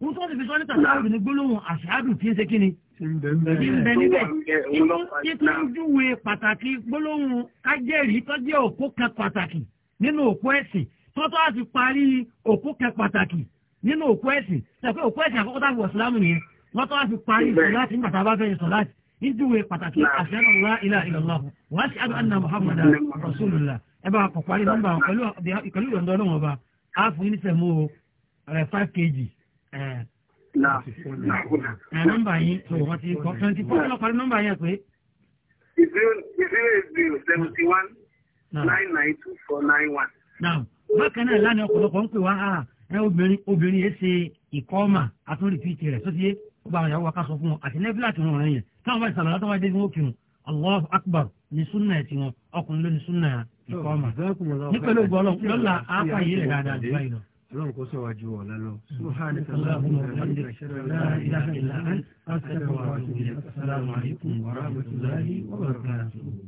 ohun tó ti fi sọ ní tàṣàbùdù ní gbólóhùn àṣàbùdù tí ń ṣe kíni. ìbẹ̀ níbẹ̀ inú títún júwe pàtàkì gbólóhùn kájẹ́rìí tó jẹ́ òkú kan pàtàkì nínú òkú ẹ̀sìn tó tó a fi parí òkú kan pàtàkì nínú òkú ẹ̀sìn tẹ̀pẹ́ òkú ẹ̀sìn àkọ́kọ́ tá a fi ìdíwé pàtàkì àṣẹ́rọ̀ ńlá ilá ìlọ́lá wà á ti àdó àná muhammad rasulullah ẹ bá kọ̀ parí nọ́mbà pẹ̀lú ìrọ̀ndọ́ ọba á fún yín five kg nọ́mbà yín tó wọ́n ti kọ́ 24 four nọ́mbà yẹn pé. seventy one nine nine two four nine one. bákan náà lánàá ọ̀pọ̀lọpọ̀ ń pè wá ah, obìnrin obìnrin yẹn ṣe àtúndì fíìtì rẹ̀ ó àwọn ìyàwó táwọn bá sàlọ́ látọ́wọ́ dé ní wọ́n kírun Allahu akbar ní súnà ẹ̀ tiwọn ọkùnrin ló ní súnà ìkọ́ ọmọ nípele ògbọ́lọ́ lọ́la àáfà yìí rẹ̀ dáadáa jù báyìí lọ. Ọlọ́run kò sọ wájú ọ̀la lọ. Subhanaka Allahumma wa bihamdika la ilaha illa anta astaghfiruka wa atubu